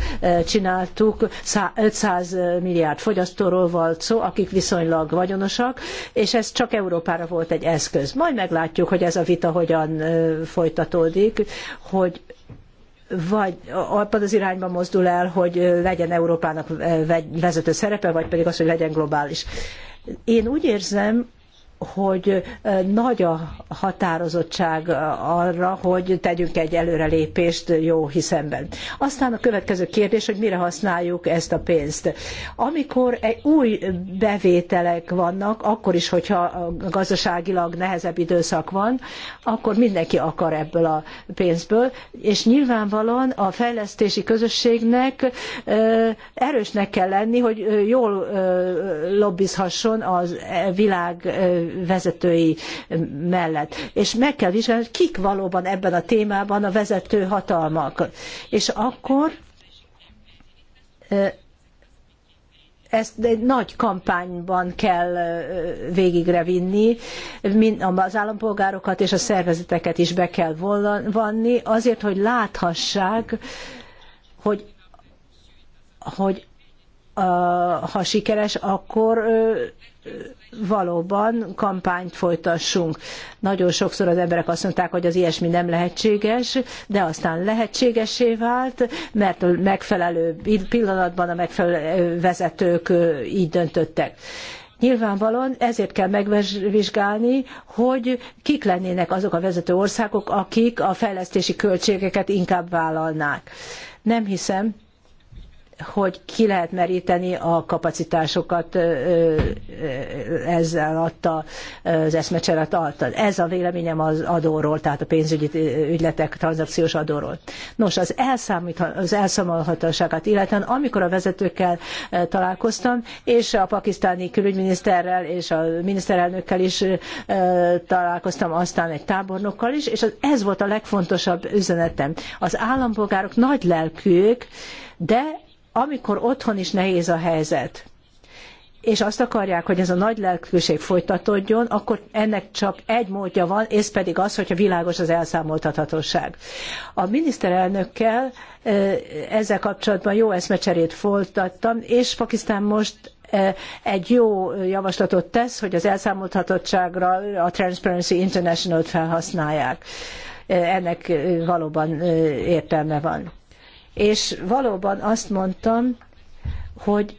csináltuk, 500 milliárd fogyasztóról volt szó, akik viszonylag vagyonosak, és ez csak Európára volt egy eszköz. Majd meglátjuk, hogy ez a vita hogyan folytatódik, hogy vagy abban az irányba mozdul el, hogy legyen Európának vezető szerepe, vagy pedig az, hogy legyen globális. Én úgy érzem, hogy nagy a határozottság arra, hogy tegyünk egy előrelépést jó hiszemben. Aztán a következő kérdés, hogy mire használjuk ezt a pénzt. Amikor egy új bevételek vannak, akkor is, hogyha gazdaságilag nehezebb időszak van, akkor mindenki akar ebből a pénzből, és nyilvánvalóan a fejlesztési közösségnek erősnek kell lenni, hogy jól lobbizhasson a világ vezetői mellett. És meg kell vizsgálni, hogy kik valóban ebben a témában a vezető hatalmak. És akkor ezt egy nagy kampányban kell végigrevinni, az állampolgárokat és a szervezeteket is be kell vonni, azért, hogy láthassák, hogy, hogy ha sikeres, akkor valóban kampányt folytassunk. Nagyon sokszor az emberek azt mondták, hogy az ilyesmi nem lehetséges, de aztán lehetségesé vált, mert megfelelő pillanatban a megfelelő vezetők így döntöttek. Nyilvánvalóan ezért kell megvizsgálni, hogy kik lennének azok a vezető országok, akik a fejlesztési költségeket inkább vállalnák. Nem hiszem, hogy ki lehet meríteni a kapacitásokat ezzel adta az eszmecseret által. Ez a véleményem az adóról, tehát a pénzügyi ügyletek, tranzakciós adóról. Nos, az, elszámít, az elszámolhatóságát illetően, amikor a vezetőkkel találkoztam, és a pakisztáni külügyminiszterrel és a miniszterelnökkel is találkoztam, aztán egy tábornokkal is, és ez volt a legfontosabb üzenetem. Az állampolgárok nagy lelkűek, de amikor otthon is nehéz a helyzet, és azt akarják, hogy ez a nagy lelkűség folytatódjon, akkor ennek csak egy módja van, ez pedig az, hogyha világos az elszámoltathatóság. A miniszterelnökkel ezzel kapcsolatban jó eszmecserét folytattam, és Pakisztán most egy jó javaslatot tesz, hogy az elszámoltathatóságra a Transparency International-t felhasználják. Ennek valóban értelme van és valóban azt mondtam, hogy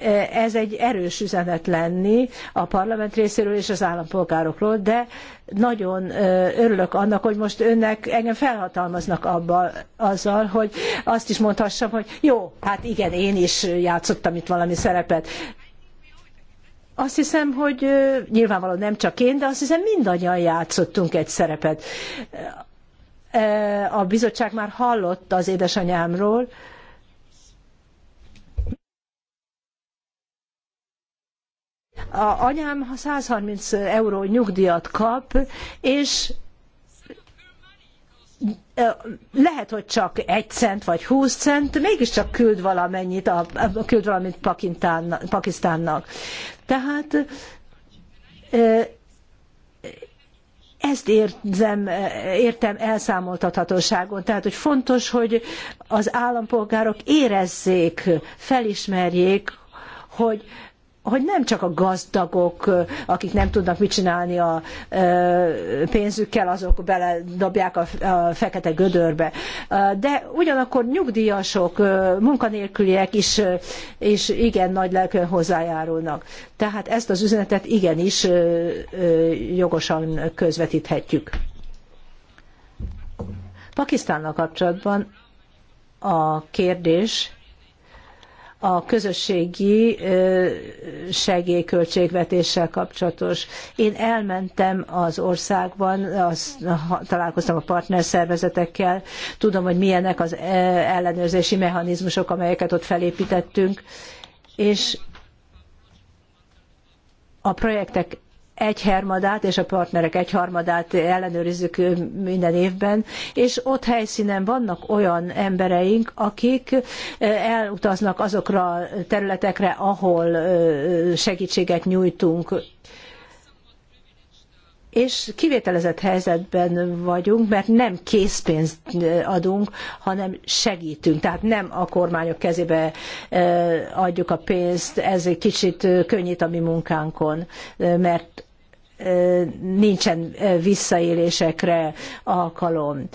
e, ez egy erős üzenet lenni a parlament részéről és az állampolgárokról, de nagyon e, örülök annak, hogy most önnek engem felhatalmaznak abba azzal, hogy azt is mondhassam, hogy jó, hát igen, én is játszottam itt valami szerepet. Azt hiszem, hogy e, nyilvánvalóan nem csak én, de azt hiszem mindannyian játszottunk egy szerepet. Eh, a bizottság már hallott az édesanyámról, A anyám 130 euró nyugdíjat kap, és eh, lehet, hogy csak egy cent vagy húsz cent, mégiscsak küld valamennyit, a, küld valamit Pakisztánnak. Tehát eh, ezt érzem, értem elszámoltathatóságon. Tehát, hogy fontos, hogy az állampolgárok érezzék, felismerjék, hogy hogy nem csak a gazdagok, akik nem tudnak mit csinálni a pénzükkel, azok beledobják a fekete gödörbe. De ugyanakkor nyugdíjasok, munkanélküliek is, is igen nagy lelkön hozzájárulnak. Tehát ezt az üzenetet igenis jogosan közvetíthetjük. Pakisztánnal kapcsolatban a kérdés a közösségi segélyköltségvetéssel kapcsolatos. Én elmentem az országban, az, találkoztam a partnerszervezetekkel, tudom, hogy milyenek az ellenőrzési mechanizmusok, amelyeket ott felépítettünk, és a projektek egyharmadát és a partnerek egyharmadát ellenőrizzük minden évben, és ott helyszínen vannak olyan embereink, akik elutaznak azokra a területekre, ahol segítséget nyújtunk és kivételezett helyzetben vagyunk, mert nem készpénzt adunk, hanem segítünk. Tehát nem a kormányok kezébe adjuk a pénzt, ez egy kicsit könnyít a mi munkánkon, mert nincsen visszaélésekre alkalom.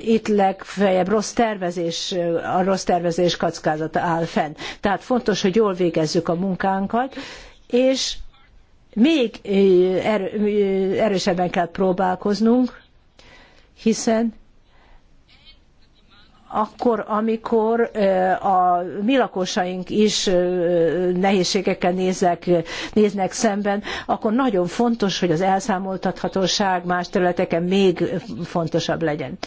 Itt legfeljebb rossz tervezés, a rossz tervezés kockázata áll fenn. Tehát fontos, hogy jól végezzük a munkánkat, és még erősebben kell próbálkoznunk, hiszen akkor, amikor a mi lakosaink is nehézségekkel néznek, néznek szemben, akkor nagyon fontos, hogy az elszámoltathatóság más területeken még fontosabb legyen.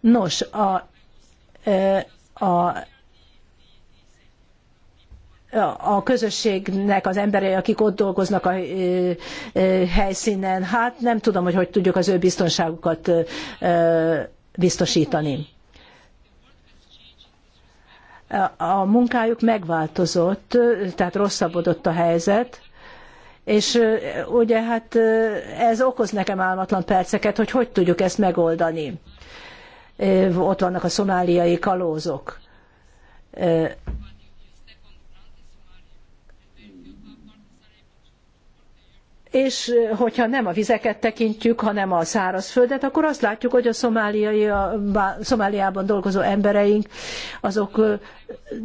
Nos, a, a a közösségnek az emberei, akik ott dolgoznak a helyszínen, hát nem tudom, hogy hogy tudjuk az ő biztonságukat biztosítani a munkájuk megváltozott, tehát rosszabbodott a helyzet, és ugye hát ez okoz nekem álmatlan perceket, hogy hogy tudjuk ezt megoldani. Ott vannak a szomáliai kalózok és hogyha nem a vizeket tekintjük, hanem a szárazföldet, akkor azt látjuk, hogy a szomáliai, a Szomáliában dolgozó embereink azok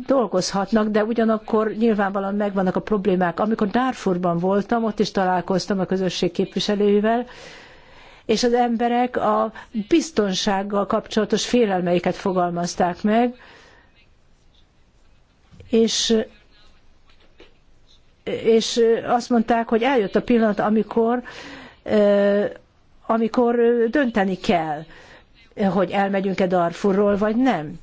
dolgozhatnak, de ugyanakkor nyilvánvalóan megvannak a problémák. Amikor Darfurban voltam, ott is találkoztam a közösség képviselőivel, és az emberek a biztonsággal kapcsolatos félelmeiket fogalmazták meg, és és azt mondták, hogy eljött a pillanat, amikor, amikor dönteni kell, hogy elmegyünk-e Darfurról, vagy nem.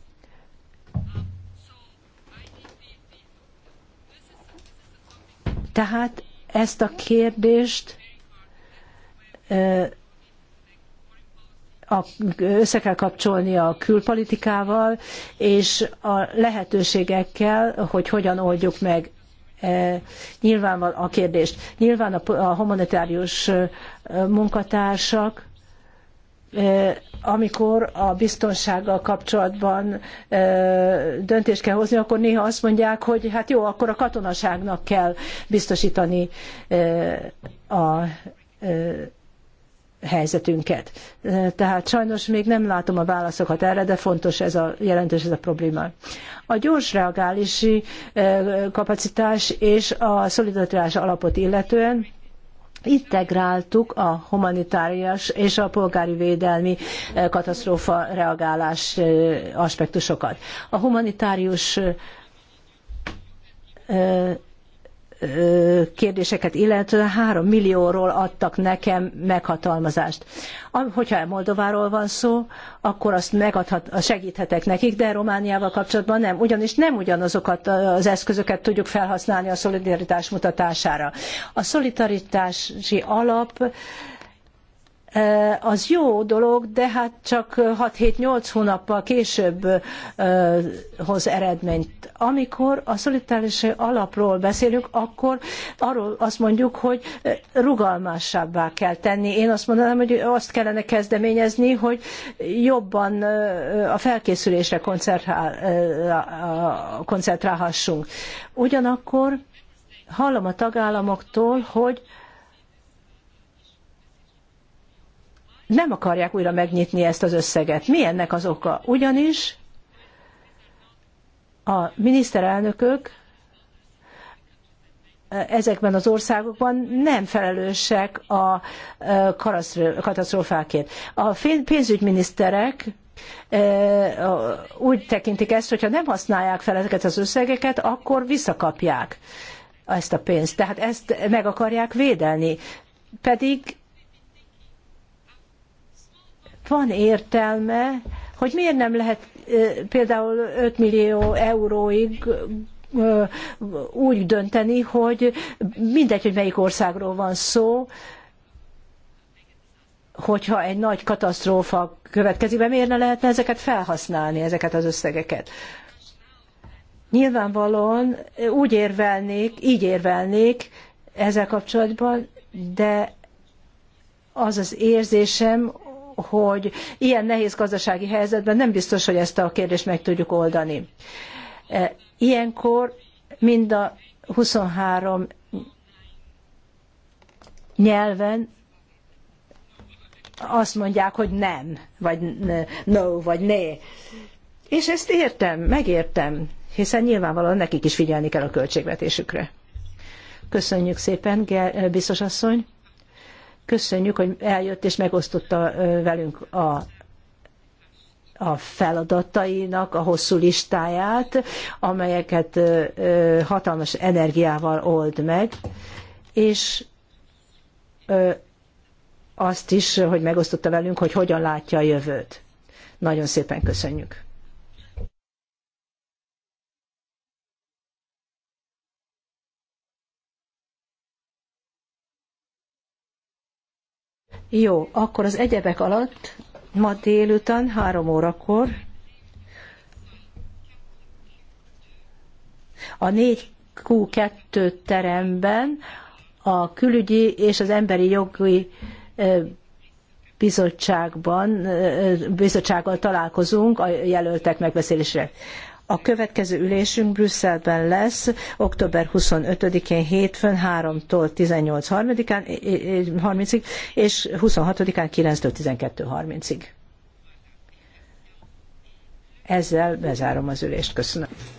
Tehát ezt a kérdést össze kell kapcsolni a külpolitikával és a lehetőségekkel, hogy hogyan oldjuk meg E, nyilvánval a kérdést. Nyilván a humanitárius e, munkatársak e, amikor a biztonsággal kapcsolatban döntést kell hozni, akkor néha azt mondják, hogy hát jó, akkor a katonaságnak kell biztosítani a helyzetünket. Tehát sajnos még nem látom a válaszokat erre, de fontos ez a, jelentős ez a probléma. A gyors reagálási kapacitás és a szolidaritás alapot illetően integráltuk a humanitárius és a polgári védelmi katasztrófa reagálás aspektusokat. A humanitárius kérdéseket illetően 3 millióról adtak nekem meghatalmazást. Hogyha Moldováról van szó, akkor azt megadhat, segíthetek nekik, de Romániával kapcsolatban nem, ugyanis nem ugyanazokat az eszközöket tudjuk felhasználni a szolidaritás mutatására. A szolidaritási alap az jó dolog, de hát csak 6-7-8 hónappal később hoz eredményt. Amikor a szolitáris alapról beszélünk, akkor arról azt mondjuk, hogy rugalmassabbá kell tenni. Én azt mondanám, hogy azt kellene kezdeményezni, hogy jobban a felkészülésre koncentrálhassunk. Ugyanakkor hallom a tagállamoktól, hogy nem akarják újra megnyitni ezt az összeget. Mi ennek az oka? Ugyanis a miniszterelnökök ezekben az országokban nem felelősek a katasztrófákért. A pénzügyminiszterek úgy tekintik ezt, hogyha nem használják fel ezeket az összegeket, akkor visszakapják ezt a pénzt. Tehát ezt meg akarják védelni. Pedig van értelme, hogy miért nem lehet például 5 millió euróig úgy dönteni, hogy mindegy, hogy melyik országról van szó, hogyha egy nagy katasztrófa következik be, miért ne lehetne ezeket felhasználni, ezeket az összegeket? Nyilvánvalóan úgy érvelnék, így érvelnék ezzel kapcsolatban, de az az érzésem, hogy ilyen nehéz gazdasági helyzetben nem biztos, hogy ezt a kérdést meg tudjuk oldani. E, ilyenkor mind a 23 nyelven azt mondják, hogy nem, vagy no, vagy né. És ezt értem, megértem, hiszen nyilvánvalóan nekik is figyelni kell a költségvetésükre. Köszönjük szépen, biztos asszony. Köszönjük, hogy eljött és megosztotta velünk a a feladatainak a hosszú listáját, amelyeket hatalmas energiával old meg, és azt is, hogy megosztotta velünk, hogy hogyan látja a jövőt. Nagyon szépen köszönjük. Jó, akkor az egyebek alatt ma délután három órakor a 4Q2 teremben a külügyi és az emberi jogi bizottságban, bizottsággal találkozunk a jelöltek megbeszélésre. A következő ülésünk Brüsszelben lesz, október 25-én hétfőn 3-tól 18.30-ig, és 26-án 9-től 12.30-ig. Ezzel bezárom az ülést. Köszönöm.